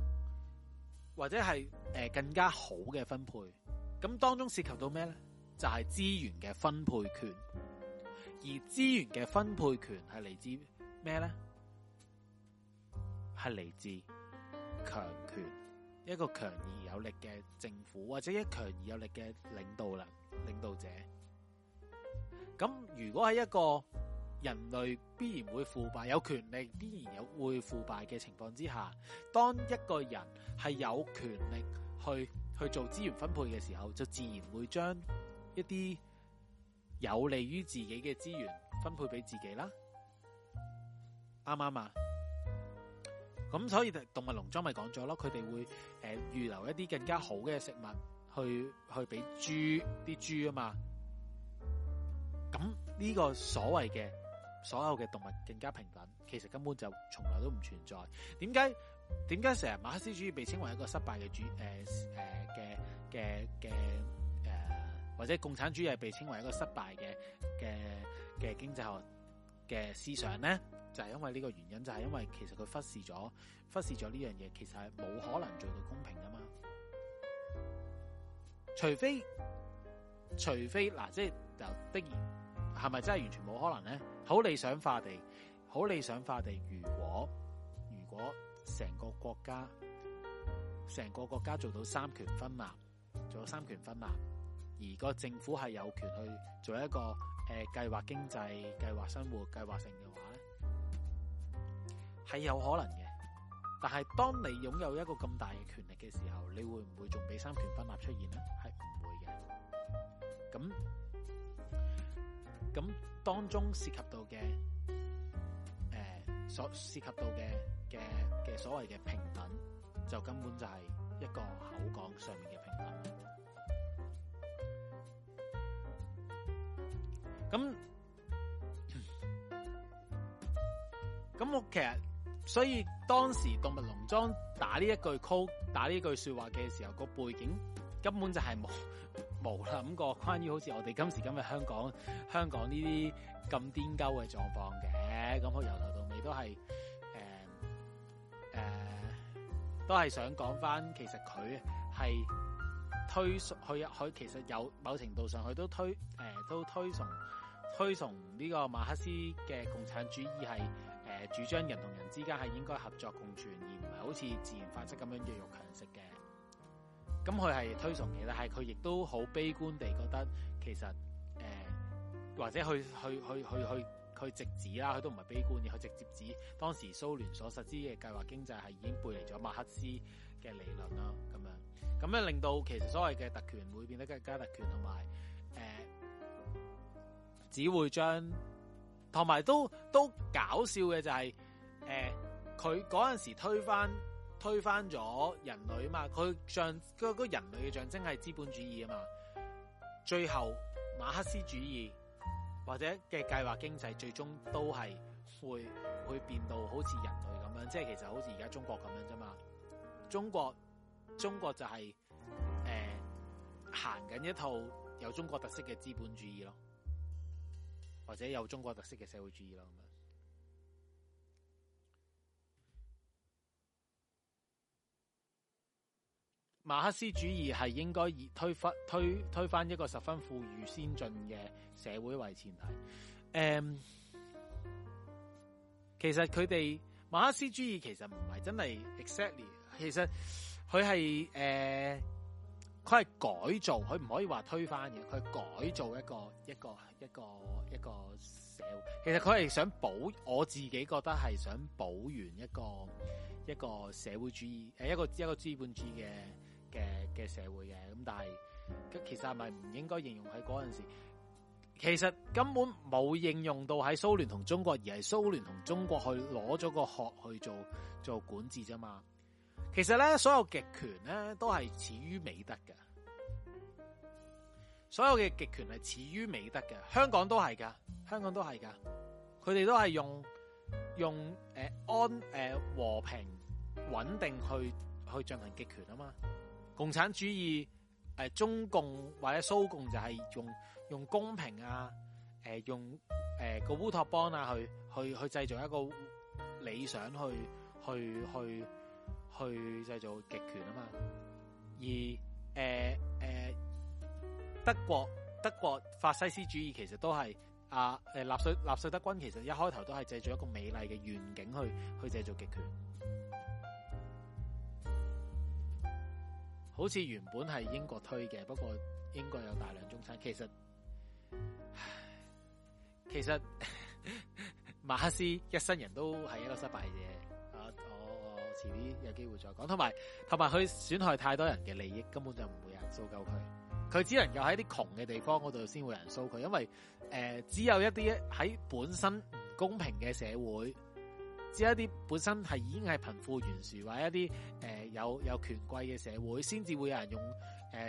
或者係誒更加好嘅分配，咁當中涉及到咩咧？就係、是、資源嘅分配權，而資源嘅分配權係嚟自咩咧？係嚟自強權，一個強而有力嘅政府或者一強而有力嘅領導人、領導者。咁如果係一個人類必然會腐敗，有權力必然有會腐敗嘅情況之下，當一個人係有權力去去做資源分配嘅時候，就自然會將一啲有利於自己嘅資源分配俾自己啦，啱唔啱啊？咁、嗯嗯、所以動物農莊咪講咗咯，佢哋會、呃、預留一啲更加好嘅食物去去俾豬啲豬啊嘛，咁呢個所謂嘅。所有嘅動物更加平等，其實根本就從來都唔存在。點解點解成日馬克思主義被稱為一個失敗嘅主誒誒嘅嘅嘅誒或者共產主義係被稱為一個失敗嘅嘅嘅經濟學嘅思想呢？就係因為呢個原因，就係因為其實佢忽視咗忽視咗呢樣嘢，其實係冇可能做到公平噶嘛。除非除非嗱、啊，即係就的然。係咪真係完全冇可能咧？好理想化地，好理想化地，如果如果成個國家，成個國家做到三權分立，做到三權分立，而個政府係有權去做一個誒、呃、計劃經濟、計劃生活、計劃性嘅話咧，係有可能嘅。但係當你擁有一個咁大嘅權力嘅時候，你會唔會仲俾三權分立出現咧？係唔會嘅。咁。咁當中涉及到嘅，誒、呃、所涉及到嘅嘅嘅所謂嘅平等，就根本就係一個口講上面嘅平等。咁咁、嗯、我其實，所以當時動物農莊打呢一句 call，打呢句說話嘅時候，個背景。根本就係冇冇諗過關於好似我哋今時今日香港香港呢啲咁顛鳩嘅狀況嘅咁我由頭到尾都係誒誒都係想講翻，其實佢係推佢佢其實有某程度上佢都推誒、呃、都推崇推崇呢個馬克思嘅共產主義係誒、呃、主張人同人之間係應該合作共存，而唔係好似自然法則咁樣弱肉強食嘅。咁佢係推崇其實係佢亦都好悲觀地覺得，其實誒、呃、或者去去去去去佢直指啦，佢都唔係悲觀，而佢直接指當時蘇聯所實施嘅計劃經濟係已經背離咗馬克思嘅理論啦，咁樣咁樣令到其實所謂嘅特權會變得更加特權，同埋誒只會將同埋都都搞笑嘅就係誒佢嗰陣時推翻。推翻咗人類啊嘛，佢像嗰人類嘅象徵係資本主義啊嘛，最後馬克思主義或者嘅計劃經濟最終都係會會變到好似人類咁樣，即係其實好似而家中國咁樣啫嘛。中國中國就係誒行緊一套有中國特色嘅資本主義咯，或者有中國特色嘅社會主義咯。馬克思主義係，應該以推翻推推翻一個十分富裕先進嘅社會為前提。誒、嗯，其實佢哋馬克思主義其實唔係真係 exactly，其實佢係誒，佢、呃、係改造，佢唔可以話推翻嘅，佢改造一個一個一個一個，一個社會，其實佢係想保，我自己覺得係想保原一個一個社會主義，誒一個一個資本主義嘅。嘅嘅社會嘅咁，但係其實係咪唔應該應用喺嗰陣時？其實根本冇應用到喺蘇聯同中國，而係蘇聯同中國去攞咗個殼去做做管治啫嘛。其實咧，所有極權咧都係始於美德嘅，所有嘅極權係始於美德嘅。香港都係噶，香港都係噶，佢哋都係用用、呃、安、呃、和平穩定去去進行極權啊嘛。共產主義，誒、呃、中共或者蘇共就係用用公平啊，誒、呃、用誒個烏托邦啊去去去製造一個理想去去去去製造極權啊嘛，而誒誒、呃呃、德國德國法西斯主義其實都係啊誒納粹納粹德軍其實一開頭都係製造一個美麗嘅願景去去製造極權。好似原本係英國推嘅，不過英國有大量中產，其實其實哈哈馬克思一生人都係一個失敗者，啊，我，我，我遲啲有機會再講，同埋同埋佢損害太多人嘅利益，根本就唔會有人數夠佢，佢只能夠喺啲窮嘅地方嗰度先會有人數佢，因為誒、呃、只有一啲喺本身唔公平嘅社會。只一啲本身係已經係貧富懸殊，或者一啲誒、呃、有有權貴嘅社會先至會有人用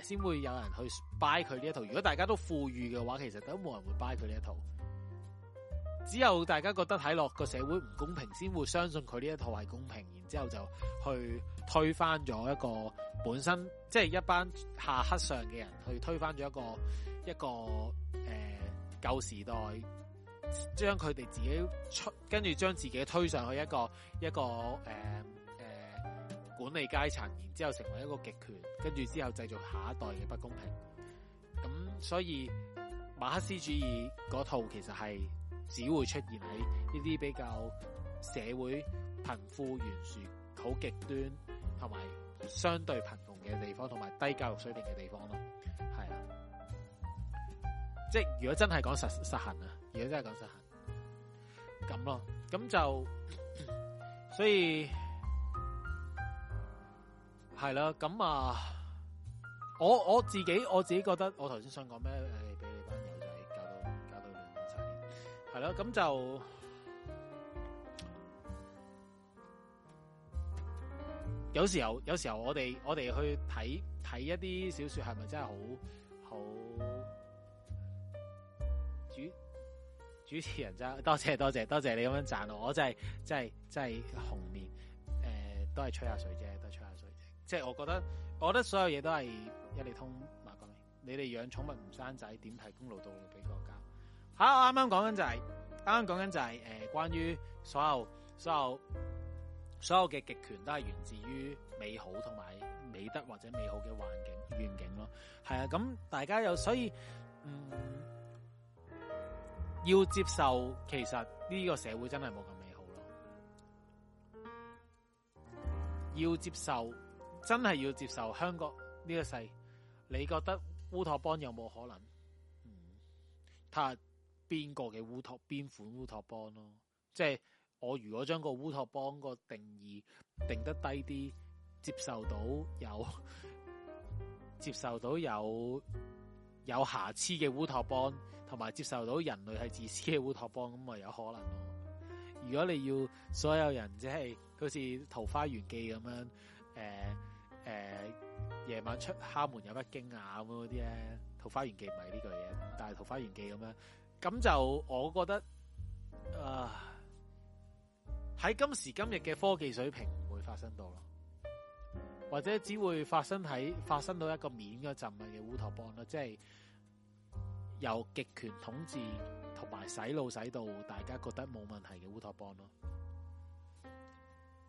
誒先、呃、會有人去 buy 佢呢一套。如果大家都富裕嘅話，其實都冇人會 buy 佢呢一套。只有大家覺得睇落個社會唔公平，先會相信佢呢一套係公平。然之後就去推翻咗一個本身即係、就是、一班下剋上嘅人去推翻咗一個一個誒舊、呃、時代。將佢哋自己出，跟住將自己推上去一個一個誒誒、呃呃、管理階層，然之後成為一個極權，跟住之後製造下一代嘅不公平。咁所以馬克思主義嗰套其實係只會出現喺呢啲比較社會貧富懸殊、好極端同埋相對貧窮嘅地方，同埋低教育水平嘅地方咯。係啊，即係如果真係講實實行啊。而家真係咁實，咁咯，咁就，所以係啦，咁啊，我我自己我自己覺得，我頭先想講咩？誒、哎，俾你班友仔搞到搞到亂晒，係啦，咁就，有時候有時候我哋我哋去睇睇一啲小說，係咪真係好好？好主持人，真多謝多謝多謝你咁樣讚我，我、就是、真係真係真係紅面，誒，都係吹下水啫，都係吹下水啫。即係我覺得，我覺得所有嘢都係一利通馬國明，你哋養寵物唔生仔，點提供勞動力俾國家？好、啊，我啱啱講緊就係、是，啱啱講緊就係、是，誒、呃，關於所有所有所有嘅極權都係源自於美好同埋美德或者美好嘅環境願景咯。係啊，咁大家又所以，嗯。要接受，其實呢個社會真係冇咁美好咯。要接受，真係要接受香港呢一世，你覺得烏托邦有冇可能？嗯，睇下邊個嘅烏托邊款烏托邦咯。即係我如果將個烏托邦個定義定得低啲，接受到有接受到有有瑕疵嘅烏托邦。同埋接受到人類係自私嘅烏托邦咁啊，有可能咯。如果你要所有人，即係好似《桃花源記》咁樣，誒誒，夜晚出敲門有乜驚訝咁嗰啲咧，《桃花源記》唔係呢句嘢，但係《桃花源記》咁樣，咁就我覺得啊，喺、呃、今時今日嘅科技水平唔會發生到咯，或者只會發生喺發生到一個面嗰陣嘅烏托邦咯，即係。由極權統治同埋洗腦洗到大家覺得冇問題嘅烏托邦咯，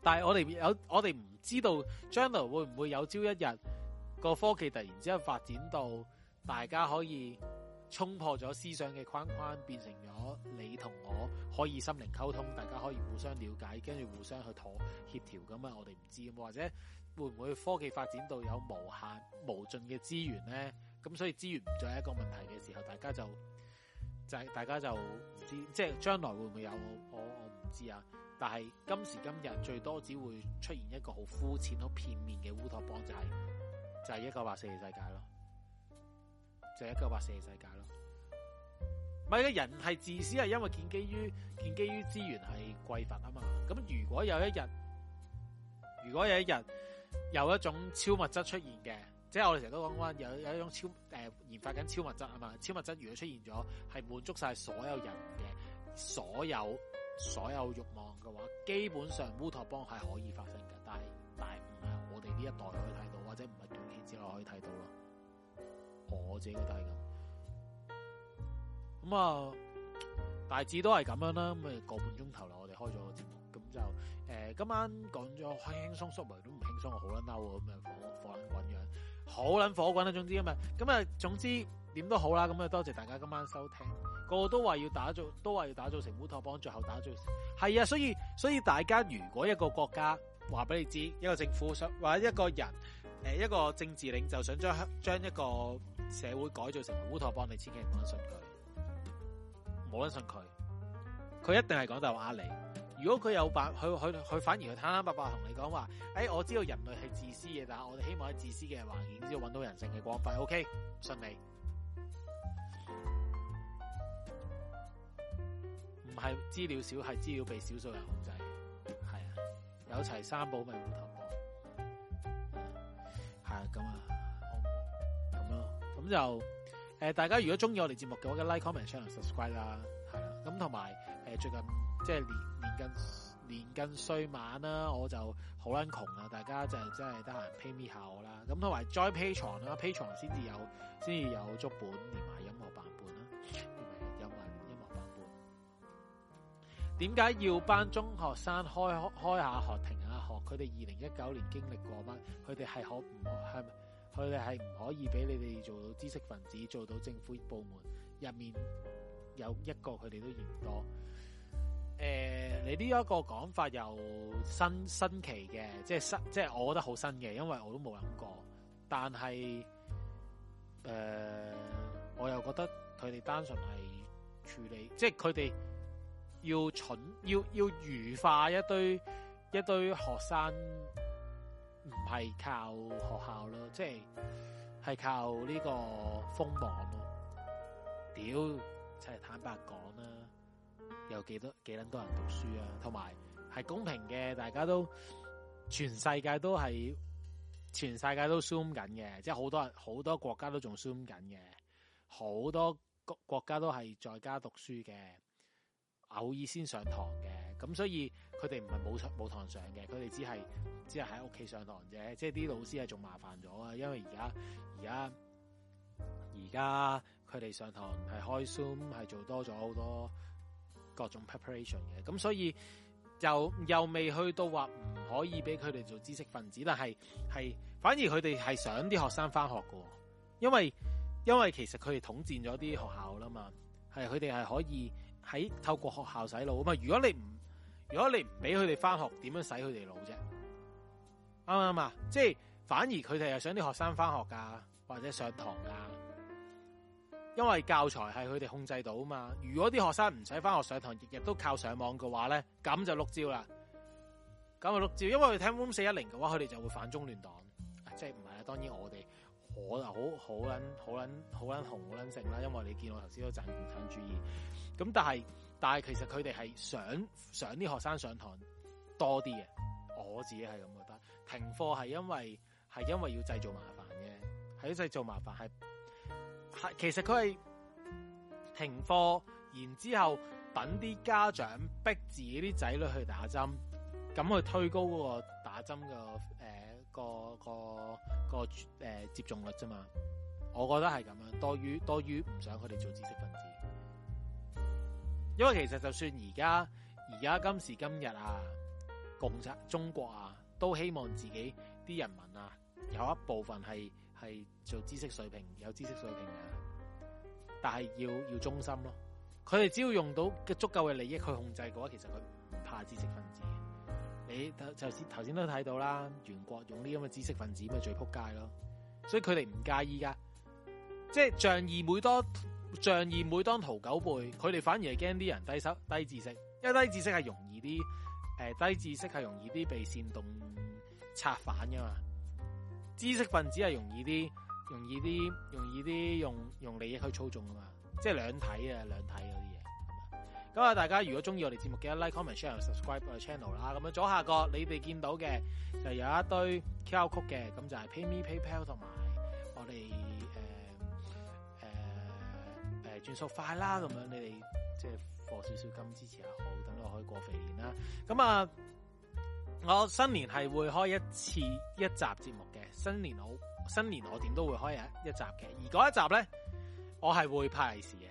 但係我哋有我哋唔知道將來會唔會有朝一日個科技突然之間發展到大家可以衝破咗思想嘅框框，變成咗你同我可以心靈溝通，大家可以互相了解，跟住互相去妥協調咁啊！我哋唔知咁，或者會唔會科技發展到有無限無盡嘅資源呢？咁所以資源唔再一個問題嘅時候，大家就就係大家就唔知，即係將來會唔會有我我唔知啊！但係今時今日最多只會出現一個好膚淺、好片面嘅烏托邦，就係、就係一九八四嘅世界咯，就係一九八四嘅世界咯。唔係嘅人係自私，係因為建基於建基於資源係匱乏啊嘛。咁如果有一日，如果有一日有一種超物質出現嘅。即係我哋成日都講話有有一種超誒、呃、研發緊超物質啊嘛，超物質如果出現咗，係滿足晒所有人嘅所有所有慾望嘅話，基本上烏托邦係可以發生嘅，但係但係唔係我哋呢一代可以睇到，或者唔係短期之內可以睇到咯。我自己都覺得咁啊，大致都係咁樣啦。咁啊個半鐘頭啦，我哋開咗個節目，咁就誒、呃、今晚講咗輕輕鬆鬆，蘇梅都唔輕鬆，好啦，嬲咁啊，火火滾樣。好捻火滾啦，總之啊嘛，咁啊總之點都好啦，咁啊多謝大家今晚收聽，個個都話要打造，都話要打造成烏托邦，最後打造成，係啊，所以所以大家如果一個國家話俾你知，一個政府想或者一個人誒一個政治領袖想將將一個社會改造成烏托邦，你千祈唔好信佢，冇得信佢，佢一定係講大話嚟。如果佢有白，佢佢佢反而佢坦坦白白同你講話，誒、哎，我知道人類係自私嘅，但係我哋希望喺自私嘅環境之中揾到人性嘅光輝。OK，順利。唔係資料少，係資料被少數人控制。係啊，有齊三寶咪冇頭毛。係啊，咁啊，咁咯，咁就誒，大家如果中意我哋節目嘅話，記得 like、comment、channel、subscribe 啦。咁同埋誒，最近即係年年近年近歲晚啦，我就好撚窮啊！大家就真係得閒 pay me 下我啦。咁同埋再 Patreon 啦 Patreon 先至有先至有足本，連埋音樂版本啦，有埋音樂版本。點解要班中學生開開下學、停下學？佢哋二零一九年經歷過乜？佢哋係可唔係？佢哋係唔可以俾你哋做到知識分子，做到政府部門入面？有一個佢哋都嫌多，誒、呃，你呢一個講法又新新奇嘅，即係新，即係我覺得好新嘅，因為我都冇諗過。但係誒、呃，我又覺得佢哋單純係處理，即係佢哋要蠢，要要愚化一堆一堆學生，唔係靠學校咯，即係係靠呢個風芒咯，屌！即係坦白講啦，有幾多幾捻多，多人讀書啊？同埋係公平嘅，大家都全世界都係全世界都 Zoom 緊嘅，即係好多人好多國家都仲 Zoom 緊嘅，好多國家都係在家讀書嘅，偶爾先上堂嘅。咁所以佢哋唔係冇冇堂上嘅，佢哋只係只係喺屋企上堂啫。即係啲老師係仲麻煩咗啊，因為而家而家而家。佢哋上堂係開 Zoom 係做多咗好多各種 preparation 嘅，咁所以又又未去到話唔可以俾佢哋做知識分子，但係係反而佢哋係想啲學生翻學嘅，因為因為其實佢哋統戰咗啲學校啦嘛，係佢哋係可以喺透過學校洗腦啊嘛，如果你唔如果你唔俾佢哋翻學，點樣洗佢哋腦啫？啱唔啱啊？即係、就是、反而佢哋係想啲學生翻學噶，或者上堂啊？因為教材係佢哋控制到嘛，如果啲學生唔使翻學上堂，日日都靠上網嘅話咧，咁就六招啦。咁啊六招，因為佢聽 room 四一零嘅話，佢哋就會反中亂黨，即係唔係啊。當然我哋我就好好捻，好捻好捻紅好捻盛啦，因為你見我頭先都贊共產主義。咁但係但係其實佢哋係想上啲學生上堂多啲嘅，我自己係咁覺得。停課係因為係因為要製造麻煩嘅，喺要製造麻煩係。是係，其實佢係停課，然之後等啲家長逼自己啲仔女去打針，咁去推高嗰個打針嘅誒、呃、個個個誒、呃、接種率啫嘛。我覺得係咁樣，多於多於唔想佢哋做知識分子。因為其實就算而家而家今時今日啊，共產中國啊，都希望自己啲人民啊有一部分係。係做知識水平有知識水平嘅，但係要要忠心咯。佢哋只要用到嘅，足夠嘅利益去控制嘅話，其實佢唔怕知識分子。你頭先頭先都睇到啦，袁國勇呢咁嘅知識分子咪最撲街咯。所以佢哋唔介意噶，即係仗義每多仗義每當屠狗輩，佢哋反而係驚啲人低收低知識，因為低知識係容易啲，誒、呃、低知識係容易啲被煽動策反噶嘛。知識分子係容易啲，容易啲，容易啲用用利益去操縱啊嘛，即係兩體啊，兩體嗰啲嘢。咁啊，大家如果中意我哋節目記得，like、comment、share、and subscribe 我哋 channel 啦。咁、嗯、啊，左下角你哋見到嘅就有一堆 QR Code 嘅，咁就係 pay me PayPal 同埋我哋誒、呃呃呃、轉數快啦。咁樣你哋即係放少少金支持下，好，等我可以過肥年啦。咁、嗯、啊～我新年係會開一次一集節目嘅，新年我新年我點都會開一,一集嘅，而嗰一集咧，我係會派利是嘅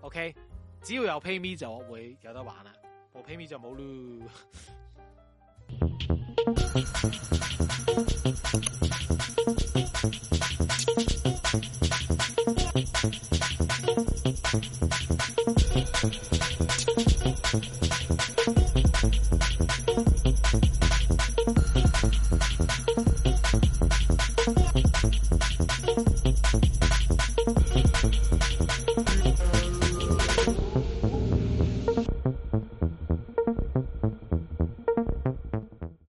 ，OK，只要有 PayMe 就會有得玩啦，冇 PayMe 就冇咯。